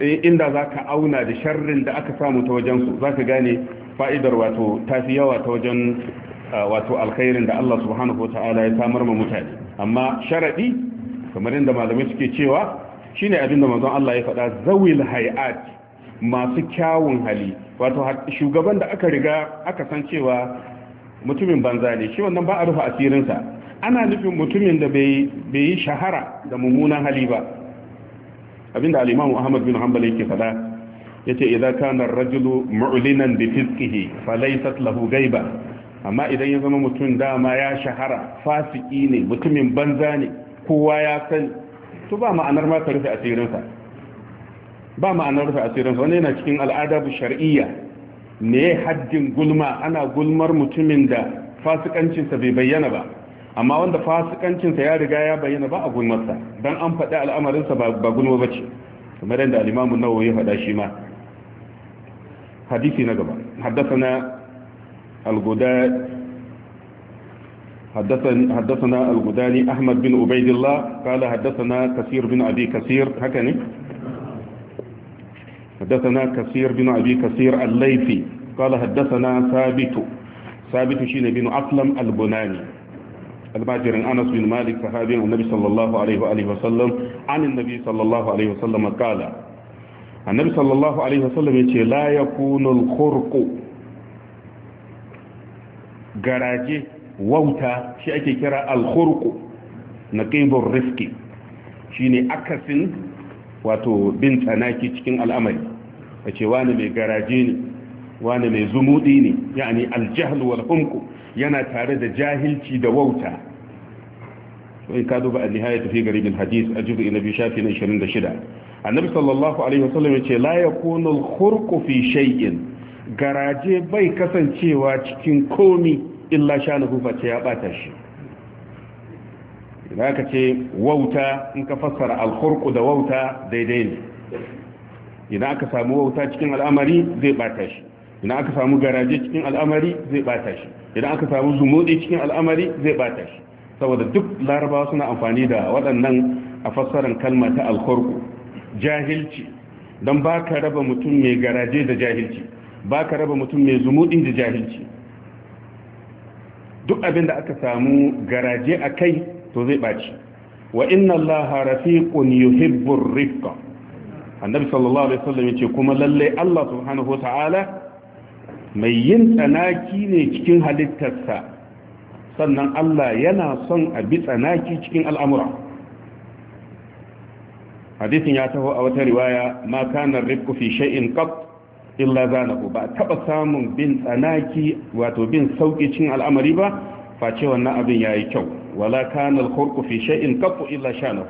eh, inda za ka auna da sharrin da aka samu ta wajensu za ka gane fa'idar wato tafi yawa ta wajen wato alkhairin da Allah subhanahu wa ya samar ma mutane amma sharaɗi kamar inda malamai suke cewa shine abin da manzon Allah ya faɗa zawil hay'at masu kyawun hali wato shugaban da aka riga aka san cewa mutumin banza ne shi wannan ba a rufe asirinsa ana nufin mutumin da bai yi shahara da mummunan hali ba abinda al ahmad bin hanbal yake fada yace idza kana ar-rajulu mu'linan bi fisqihi falaysat lahu ghaiba amma idan ya zama mutum dama ya shahara fasiki ne mutumin banza ne kowa ya sani to ba ma'anar ma ka rufe asirinsa ba ma'anar rufe asirin wani yana cikin bu shar'iyya ne haddin gulma ana gulmar mutumin da fasikancinsa bai bayyana ba amma wanda fasikancinsa ya riga ya bayyana ba a gulmarsa don an faɗi al'amarinsa ba gulma ba ce kamar yadda alimamu nawo ya faɗa shi ma hadisi na gaba haddasana al-gudani ahmad bin ubaidillah kala haddasana kasir bin abi kasir haka ne حدثنا كثير بن أبي كثير الليثي قال حدثنا ثابت ثابت شين بن أقلم البناني الماجر أنس بن مالك صحابي النبي صلى الله عليه وآله وسلم عن النبي صلى الله عليه وسلم قال النبي صلى الله عليه وسلم يقول لا يكون الخرق garaje wauta shi ake kira alkhurku na ƙibin rifki shi ne akasin wato bin tsanaki cikin al'amari a ce wani mai garaje ne wani mai zumuɗi ne yani aljahal wal humku yana tare da jahilci da wauta to in ka duba an-nihaya fi garib al-hadis a juz'i na biyu shafi na 26 annabi sallallahu alaihi wasallam yace la yakunu al-khurqu fi shay'in garaje bai kasancewa cikin komi illa shanuhu ce ya bata shi idan ka ce wauta in ka fassara alhurku da wauta daidai ne idan aka samu wauta cikin al'amari zai bata shi idan aka samu garaje cikin al'amari zai bata shi idan aka samu zumuɗi cikin al'amari zai bata shi saboda duk larabawa suna amfani da waɗannan a fassarar kalma ta alkhorku jahilci don ba ka raba mutum mai garaje da jahilci ba ka raba mutum mai zumuɗi da jahilci duk abin da aka samu garaje a kai to zai ɓaci wa inna allaha rafiqun yuhibbur rifqa annabi sallallahu alaihi wasallam yace kuma lalle Allah subhanahu wataala mai yin tsanaki ne cikin halittarsa sannan Allah yana son a bi tsanaki cikin al'amura hadisin ya taho a wata riwaya ma kana rifqu fi shay'in qat illa zanahu ba taba samun bin tsanaki wato bin sauki cikin al'amari ba face wannan abin yayi kyau wala kana al-khurqu fi shay'in qat illa shanahu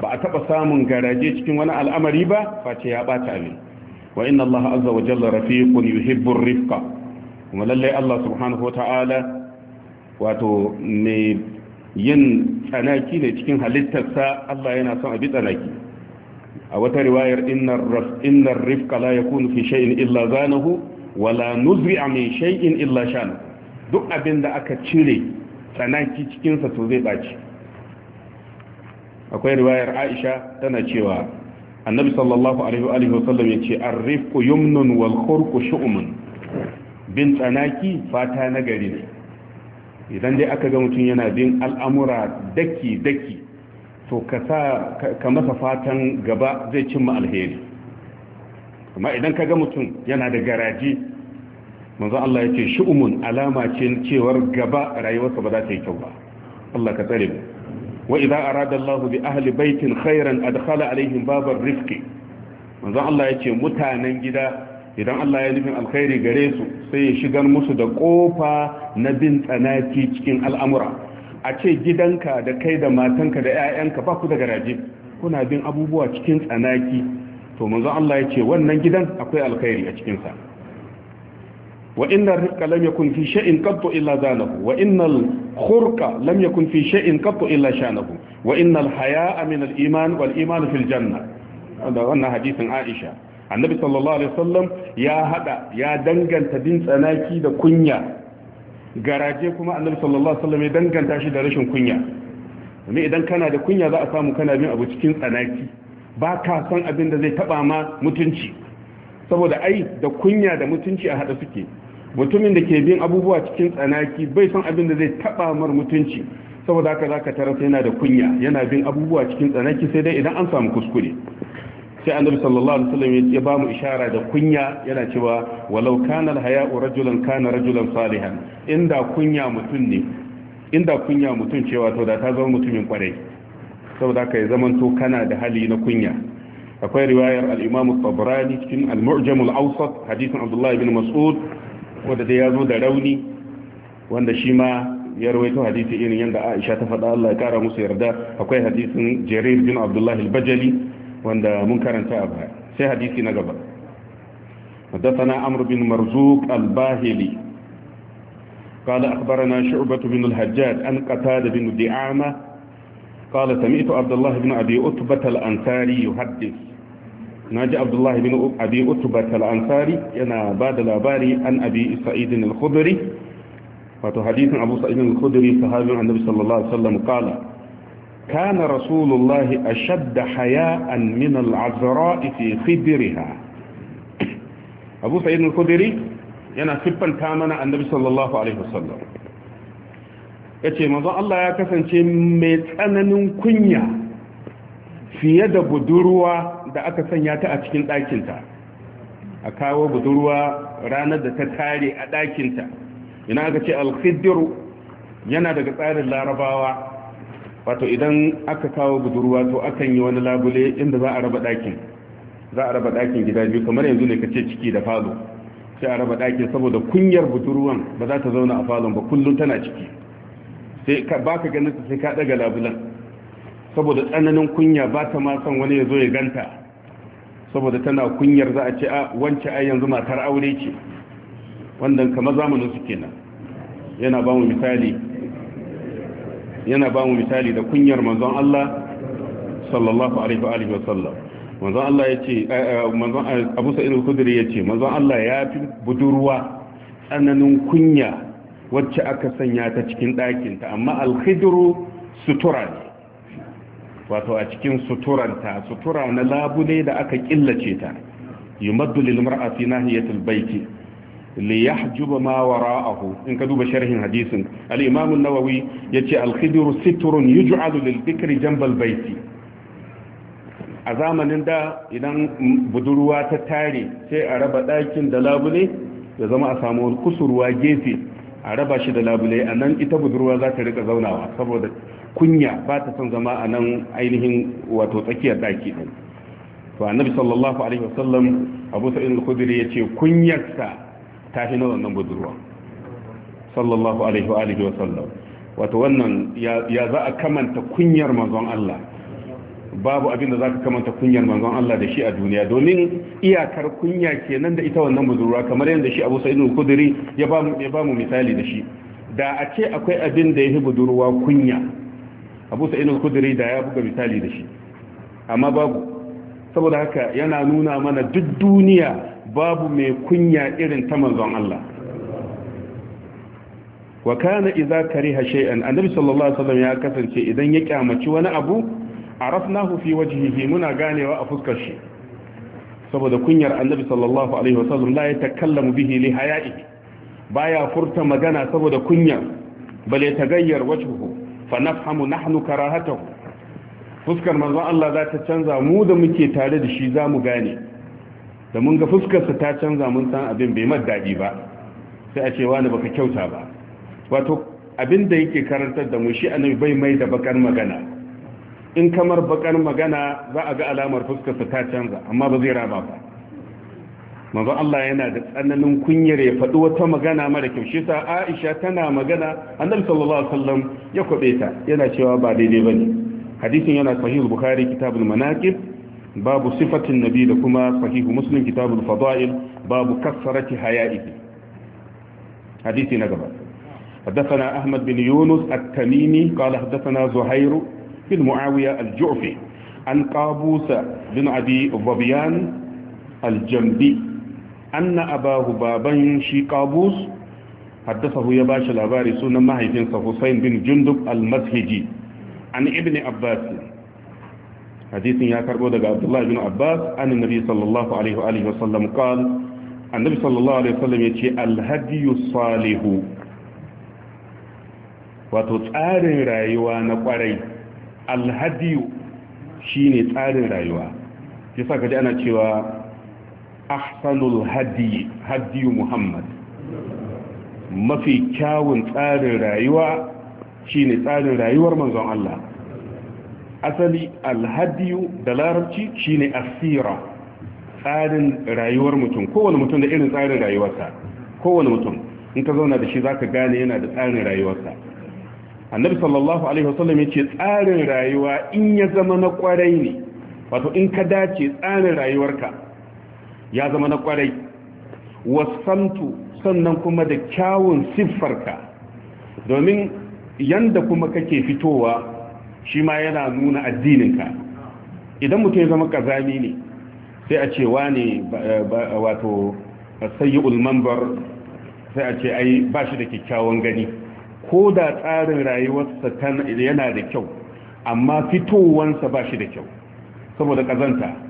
ba a taba samun garaje cikin wani al'amari ba face ya bata abin wa inna Allah azza wa jalla rafiqun yuhibbu rifqa kuma lalle Allah subhanahu wata'ala wato ne yin tsanaki ne cikin halittarsa Allah yana son bi tsanaki a wata riwayar innar rifqa la yakunu fi shay'in illa zanahu wala nuzri'a min shay'in illa shanu duk abin da aka cire tsanaki cikinsa to zai baci akwai riwayar aisha tana cewa annabi sallallahu alaihi wa sallam ya ce arrifku yumnun wal khurqu shu'mun bin tsanaki fata na gari ne idan dai aka ga mutum yana bin al'amura daki daki to ka sa ka masa fatan gaba zai cimma alheri amma idan ka ga mutum yana da garaji manzo Allah ya ce shu'mun alama ce cewar gaba rayuwarsa ba za ta yi kyau ba Allah ka tsare mu Wa'iza idza arada Allah bi ahli baitin khairan adkhala alaihim babar rifqi manzo Allah yace mutanen gida idan Allah ya nufin alkhairi gare su sai ya shigar musu da kofa na bin tsanaki cikin al'amura a ce gidanka da kai da matanka da 'ya'yanka ba ku da garaje kuna bin abubuwa cikin tsanaki to manzo Allah ya ce wannan gidan akwai alkhairi a cikinsa wa innar rifqa lam yakun fi illa zanahu wa innal khurqa lam yakun fi illa shanahu wa innal haya'a min al iman wal iman da wannan hadisin Aisha annabi sallallahu ya hada ya danganta bin tsanaki da kunya garaje kuma annabi sallallahu alaihi wasallam ya danganta shi da rashin kunya domin idan kana da kunya za a samu kana bin abu cikin tsanaki ba ka san abin da zai taba ma mutunci saboda ai da kunya da mutunci a hada suke mutumin da ke bin abubuwa cikin tsanaki bai san abin da zai taba mar mutunci saboda haka zaka tarar yana da kunya yana bin abubuwa cikin tsanaki sai dai idan an samu kuskure sai annabi sallallahu alaihi wasallam ya ba mu ishara da kunya yana cewa walau kana alhaya'u rajulan kana rajulan salihan inda kunya mutun ne inda kunya mutum cewa to da ta zama mutumin kwarai saboda haka ya zaman to kana da hali na kunya akwai riwayar al-Imam tabrani cikin al-Mu'jam al-Awsat hadithin Abdullah ibn Mas'ud wanda dai ya zo da rauni wanda shi ma ya rawaito hadisi irin yadda Aisha ta faɗa Allah ya kara musu yarda akwai hadisin Jarir bin Abdullah al-Bajali wanda mun karanta a baya sai hadisi na gaba حدثنا عمرو بن مرزوق الباهلي قال أخبرنا شعبة بن الحجاج عن قتادة بن دعامة قال سمعت عبد الله بن أبي أتبة الأنصاري يحدث ناجي عبد الله بن أبي أتبة الأنصاري ينا بعد الأباري عن أبي سعيد الخدري فتو حديث أبو سعيد الخدري صحابي عن النبي صلى الله عليه وسلم قال كان رسول الله أشد حياء من العذراء في خدرها أبو سعيد الخدري ينا سبا كامنا عن النبي صلى الله عليه وسلم yace manzo Allah ya kasance mai tsananin kunya fiye da da aka sanya ta a cikin ɗakinta a kawo budurwa ranar da ta tare a ɗakinta ina aka ce alkhiddiru yana daga tsarin larabawa wato idan aka kawo budurwa to akan yi wani labule inda za a raba ɗakin za a raba ɗakin gida biyu kamar yanzu ne ka ce ciki da falo sai a raba ɗakin saboda kunyar budurwan ba za ta zauna a falon ba kullum tana ciki sai ka ba ka ganin sai ka ɗaga labulan saboda tsananin kunya ba ta ma son wani ya zo ya ganta saboda tana kunyar za a ce a ah, wance ai yanzu matar aure ce wannan kama zamanin su kenan yana ba mu misali yana ba mu misali da kunyar manzon Allah sallallahu alaihi wa alihi wa sallam manzon Allah yace eh, eh, manzon eh, Abu Sa'id al-Khudri yace manzon Allah ya fi budurwa tsananin kunya wacce aka sanya ta cikin ɗakinta amma al-khidru sutura ne wato a cikin suturanta sutura na labule da aka killace ta yumaddu lil mar'ati nahiyatul baiti li yahjuba ma wara'ahu in ka duba sharhin hadisin al-imam an-nawawi yace al-khidru sitrun yuj'alu lil bikri janbal baiti a zamanin da idan budurwa ta tare sai a raba ɗakin da labule ya zama a samu kusurwa gefe a raba shi da labule a nan ita budurwa za ta rika zaunawa saboda kunya ba ta son zama a nan ainihin wato tsakiyar daki din to annabi sallallahu alaihi wasallam abu sa'id al-khudri yace kunyarsa ta fi na wannan budurwa sallallahu alaihi wa alihi wasallam wato wannan ya za a kamanta kunyar manzon Allah babu abin da zaka kamanta kunyar manzon Allah da shi a duniya domin iyakar kunya kenan da ita wannan budurwa kamar yadda shi abu sa'id al-khudri ya ba mu ya ba mu misali da shi da a ce akwai abin da yafi budurwa kunya abu sa'id al da ya buga misali da shi amma babu saboda haka yana nuna mana duk duniya babu mai kunya irin ta manzon Allah wa kana idza kariha shay'an annabi sallallahu alaihi wasallam ya kasance idan ya kyamaci wani abu arafnahu fi wajhihi muna ganewa a fuskar shi saboda kunyar annabi sallallahu alaihi wasallam la yatakallamu bihi li haya'i baya furta magana saboda kunya bale tagayyar wajhuhu fa nafhamu nahnu karahatahu fuskar manzon Allah za ta canza mu da muke tare da shi za mu gane da mun ga fuskarsa ta canza mun san abin bai mad daɗi ba sai a ce wani baka kyauta ba wato abin da yake karantar da mu shi annabi bai mai da bakar magana in kamar bakar magana za a ga alamar fuskarsa ta canza amma ba zai rama ba manzo Allah yana da tsananin kunyar ya faɗi wata magana mara kyau shi sa Aisha tana magana annabi sallallahu alaihi wasallam ya kwabe ta yana cewa ba daidai bane hadisin yana sahih bukhari kitabul manaqib babu sifatin nabi da kuma sahih muslim kitabul fadail babu kasarati haya'ihi hadisi na gaba حدثنا أحمد بن يونس التميمي قال حدثنا زهير بن معاوية الجعفي عن قابوس بن أبي ظبيان الجنبي anna abahu baban shi qabus haddathahu ya bashi labari sunan mahaifinsa Husayn bin Jundub al-Mazhiji an Ibni Abbas hadisin ya karbo daga Abdullah bin Abbas an nabi sallallahu alaihi wa alihi wasallam qal annabi sallallahu alaihi wasallam yace al-hadiyu salihu wato tsarin rayuwa na kwarai al-hadiyu shine tsarin rayuwa yasa kaji ana cewa ahsanul hadiyi hadiyu muhammad mafi kyawun tsarin rayuwa shine tsarin rayuwar manzon Allah asali alhadiyu da larabci shine asira tsarin rayuwar mutum kowane mutum da irin tsarin rayuwarsa kowane mutum in ka zauna da shi zaka gane yana da tsarin rayuwarsa annabi sallallahu alaihi wasallam yace tsarin rayuwa in ya zama na kwarai ne wato in ka dace tsarin rayuwarka ya zama na kwarai wasantu sannan kuma da kyawun siffarka domin yanda kuma kake fitowa shi ma yana nuna addininka idan mutum ya zama kazami ne sai a cewa ne wato sayi ulmambar sai a ce ai ba shi da kyakkyawan gani ko da tsarin rayuwarsa yana da kyau amma fitowansa ba shi da kyau saboda kazanta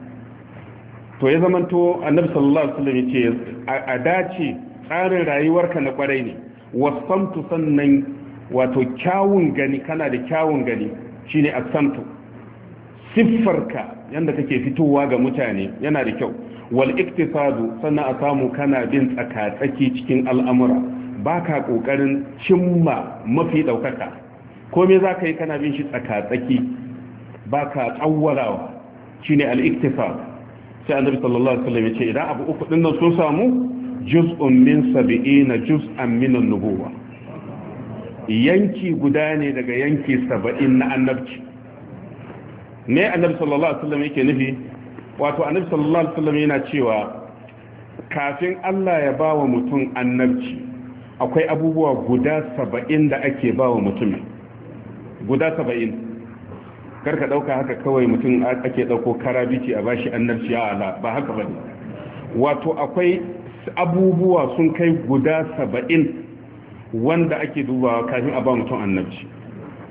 to ya zamanto annabi sallallahu alaihi wasallam yace a dace tsarin rayuwarka na kwarai ne wasamtu sannan wato kyawun gani kana da kyawun gani shine asamtu siffarka yanda kake fitowa ga mutane yana da kyau wal iktisadu sannan a samu kana bin tsakatsaki cikin al'amura baka kokarin cimma mafi daukaka komai zaka yi kana bin shi tsakatsaki baka tsawwalawa shine al iktisadu sai annabi sallallahu alaihi wasallam yace idan abu uku din nan sun samu juz'un min sab'ina juz'an min an-nubuwa yanki guda ne daga yanki 70 na annabci ne annabi sallallahu alaihi wasallam yake nufi wato annabi sallallahu alaihi wasallam yana cewa kafin Allah ya ba wa mutum annabci akwai abubuwa guda saba'in da ake ba wa mutumin guda saba'in kar ka dauka haka kawai mutum ake dauko karabici a bashi annabci a ba haka ba ne. wato akwai abubuwa sun kai guda saba'in wanda ake dubawa kafin a ba mutum annabci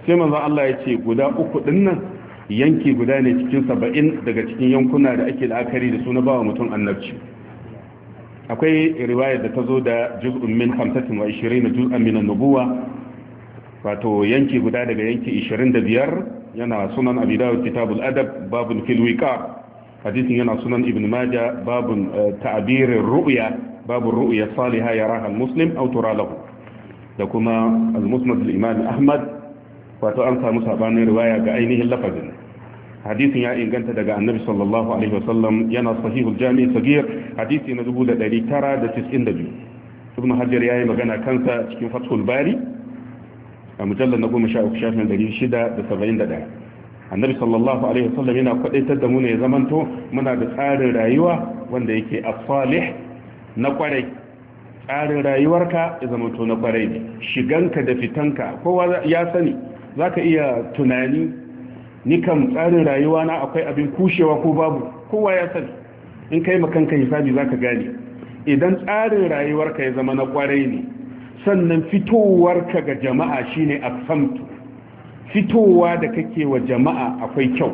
sai manzo Allah ya ce guda uku dinnan yanki guda ne cikin saba'in daga cikin yankuna da ake la'akari da su na ba mutum annabci akwai riwayar da ta zo da juz'un min 25 juz'an min an-nubuwa wato yanki guda daga yanki 25 yana sunan abi dawud kitabul adab babul fil wiqar hadisin yana sunan ibn maja babun eh, ta'birir ru'ya babur ru'ya salihah yaraha muslim aw tura lahu da kuma al-musnad al-imam ahmad wato an samu sabanin riwaya ga ainihin lafazin hadisin ya inganta daga annabi sallallahu alaihi wasallam yana sahihul jami' sagir hadisi na 1992 ibn hajar yayi magana kansa cikin fathul bari a mujallar na goma sha uku shafin dari shida da saba'in da ɗaya annabi sallallahu alaihi wasallam yana kwaɗaitar da mu ne ya zamanto muna da tsarin rayuwa wanda yake a asalih na kwarai tsarin rayuwarka ya zamanto na kwarai ne shiganka da fitanka kowa ya sani za ka iya tunani ni kam tsarin rayuwa na akwai abin kushewa ko babu kowa ya sani in kai makanka hisabi za ka gane idan tsarin rayuwarka ya zama na kwarai ne sannan fitowarka ga jama'a shine afamtu fitowa da kake wa jama'a akwai kyau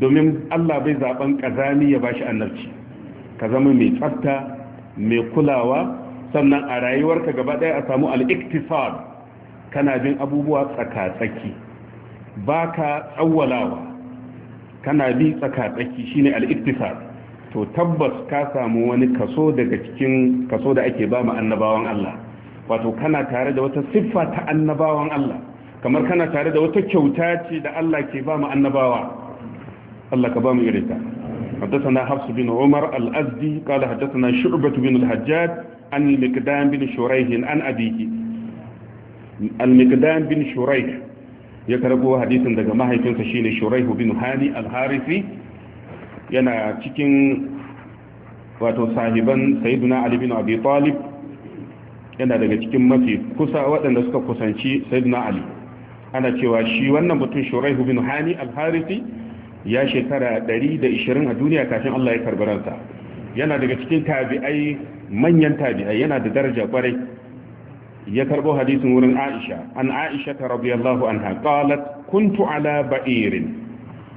domin Allah bai zaben kazami ya bashi annabci ka zama mai tsafta mai kulawa sannan a rayuwarka gaba daya a samu al-iktisad kana bin abubuwa tsaka-tsaki baka tsawwalawa kana bi tsaka-tsaki shine al to tabbas ka samu wani kaso daga cikin kaso da ake ba mu annabawan Allah wato kana tare da wata siffa ta annabawan Allah kamar kana tare da wata kyauta ce da Allah ke ba mu annabawa Allah ka ba mu irita حدثنا حفص بن عمر الأزدي قال حدثنا شعبة بن الحجاج عن المقدام بن شريح عن أبيه المقدام بن شريح يكربوا حديثا دقا ما هي تنسى شين شريح بن هاني الحارثي ينا تكين واتو صاحبا سيدنا علي بن أبي طالب yana daga cikin mafi kusa waɗanda suka kusanci sayyidina ali ana cewa shi wannan mutum shuraihu bin hani al-harithi ya shekara 120 a duniya kafin Allah ya karbi ransa yana daga cikin tabi'ai manyan tabi'ai yana da daraja kwarai ya karbo hadisin wurin Aisha an Aisha ta radiyallahu anha qalat kuntu ala ba'irin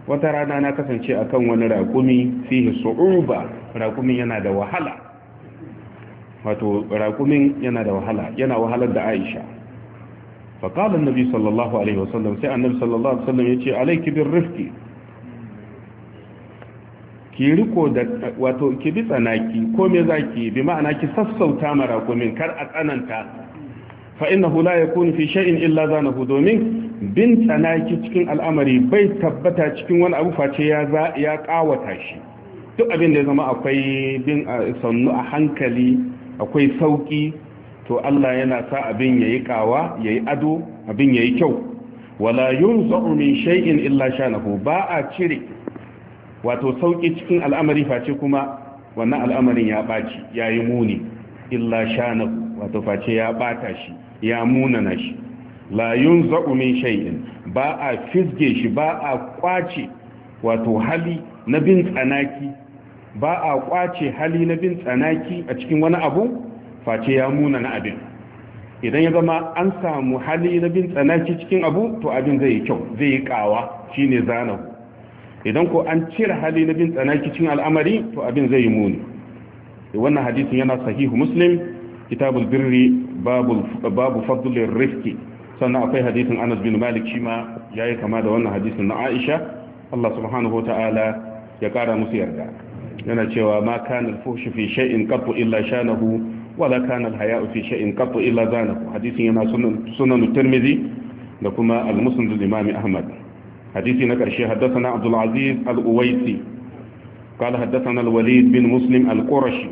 wata rana na kasance akan wani raƙumi fihi su'uba raƙumin yana da wahala wato raƙumin yana da wahala yana wahalar da aisha faƙalar nabi sallallahu alaihi wasallam sai annabi sallallahu alaihi wasallam ya ce alaiki bin rifki ki riko da wato ki bi tsanaki ko me za ki bi ma'ana ki sassauta ma raƙumin kar a tsananta fa innahu la yakunu fi shay'in illa zanahu domin bin tsanaki cikin al'amari bai tabbata cikin wani abu face ya ya kawata shi duk abin da ya zama akwai bin sannu a hankali akwai sauki to Allah yana sa abin yayi kawa yayi ado abin yayi kyau wala yunza'u min shay'in illa shanahu ba a cire wato sauki cikin al'amari face kuma wannan al'amarin ya baci yayi muni illa shanahu wato face ya bata shi ya munana shi la yunza'u min shay'in ba a fisge shi ba a kwace wato hali na bin tsanaki ba a kwace hali na bin tsanaki a cikin wani abu face ya muna na abin idan ya zama an samu hali na bin tsanaki cikin abu to abin zai yi kyau zai yi kawa shine zanahu idan ko an cire hali na bin tsanaki cikin al'amari to abin zai yi muni wannan hadisin yana sahihu muslim kitabul birri babu babu fadlir rifqi sannan akwai hadisin Anas bin Malik shi ma yayi kama da wannan hadisin na Aisha Allah subhanahu wa ta'ala ya kara musu yarda yana cewa ma kana fushi fuhshu fi shay'in qattu illa shanahu wala kana al-haya'u fi shay'in qattu illa zanahu hadisin yana sunan sunan da kuma al-musnad al-imam ahmad hadisi na karshe haddathana abdul aziz al-uwaisi قال حدثنا الوليد بن مسلم القرشي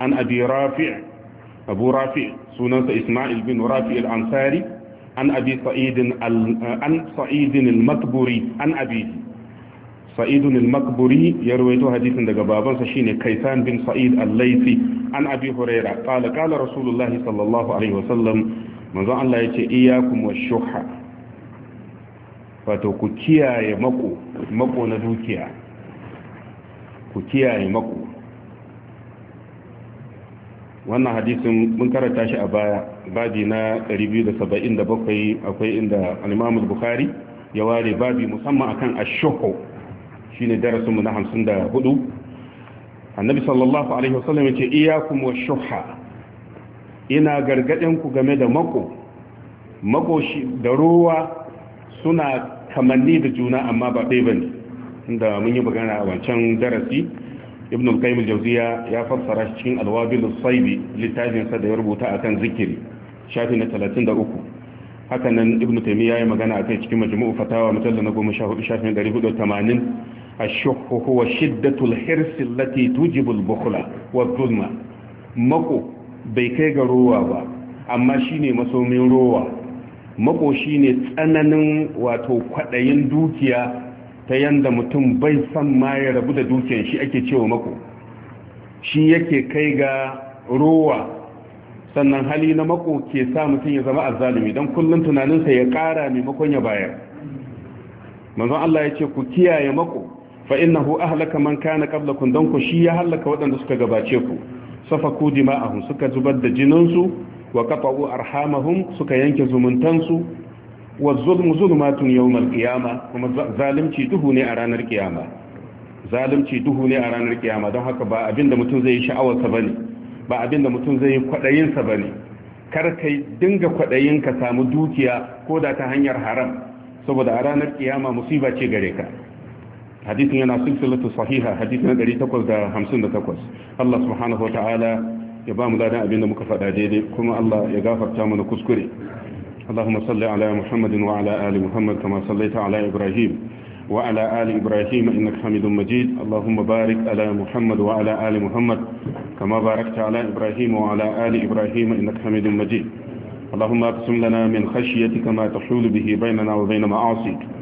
عن أبي رافع أبو رافع سنة إسماعيل بن رافع الأنصاري عن أبي سعيد عن سعيد المطبري عن أبيه سعيد المقبري يروي حديث دغ بابن شيني كيسان بن سعيد الليثي عن ابي هريره قال قال رسول الله صلى الله عليه وسلم من الله يتي اياكم والشح wato ku kiyaye mako na dukiya ku kiyaye mako wannan hadisin mun karanta shi a baya babi na 277 akwai inda al-Imam al-Bukhari ya ware babi musamman akan ash-shuhu shine darasinmu na hamsin da hudu annabi sallallahu alaihi wasallam yace iyyakum wa shuhha ina gargaden ku game da mako mako shi da ruwa suna kamanni da juna amma ba dai bane inda mun yi magana a wancan darasi ibn al-qayyim al-jawziya ya fassara shi cikin al-wabil as-saybi littafin sa da ya rubuta akan zikiri shafi na 33 hakanan ibn taymiya ya magana akai cikin majmu'u fatawa mujallal na 14 shafin 480 الشح هو شدة الحرص التي توجب البخل والظلم مكو بيكي غروا با أما شيني مسومين روا mako shine tsananin wato kwaɗayin dukiya ta yanda mutum bai san ma ya rabu da dukiyar shi ake cewa mako shi yake kai ga rowa sannan hali na mako ke sa mutum ya zama azzalumi don kullum tunaninsa ya ƙara maimakon ya bayar manzon Allah ya ce ku kiyaye mako fa innahu ahlaka man kana qablakum dan ku shi ya halaka waɗanda suka gabace ku safaku dima'ahum suka zubar da jininsu wa qata'u arhamahum suka yanke zumuntansu wa zulmu zulmatun yawmal qiyama kuma zalimci duhu ne a ranar kiyama zalimci duhu ne a ranar kiyama don haka ba abinda mutum zai yi sha'awar sa bane ba abinda mutum zai yi kwadayin sa bane kar kai dinga kwadayin ka samu dukiya ko da ta hanyar haram saboda a ranar kiyama musiba ce gare ka hadisin yana silsilatu sahiha hadisi na da 858 Allah subhanahu wata'ala ya bamu mu ladan abin da muka faɗa daidai kuma Allah ya gafarta mana kuskure Allahumma salli ala Muhammadin wa ala ali Muhammad kama sallaita ala Ibrahim wa ala ali Ibrahim innaka Hamidum Majid Allahumma barik ala Muhammad wa ala ali Muhammad kama barakta ala Ibrahim wa ala ali Ibrahim innaka Hamidum Majid Allahumma aqsim lana min khashyatika ma tahulu bihi bainana wa bain ma'asik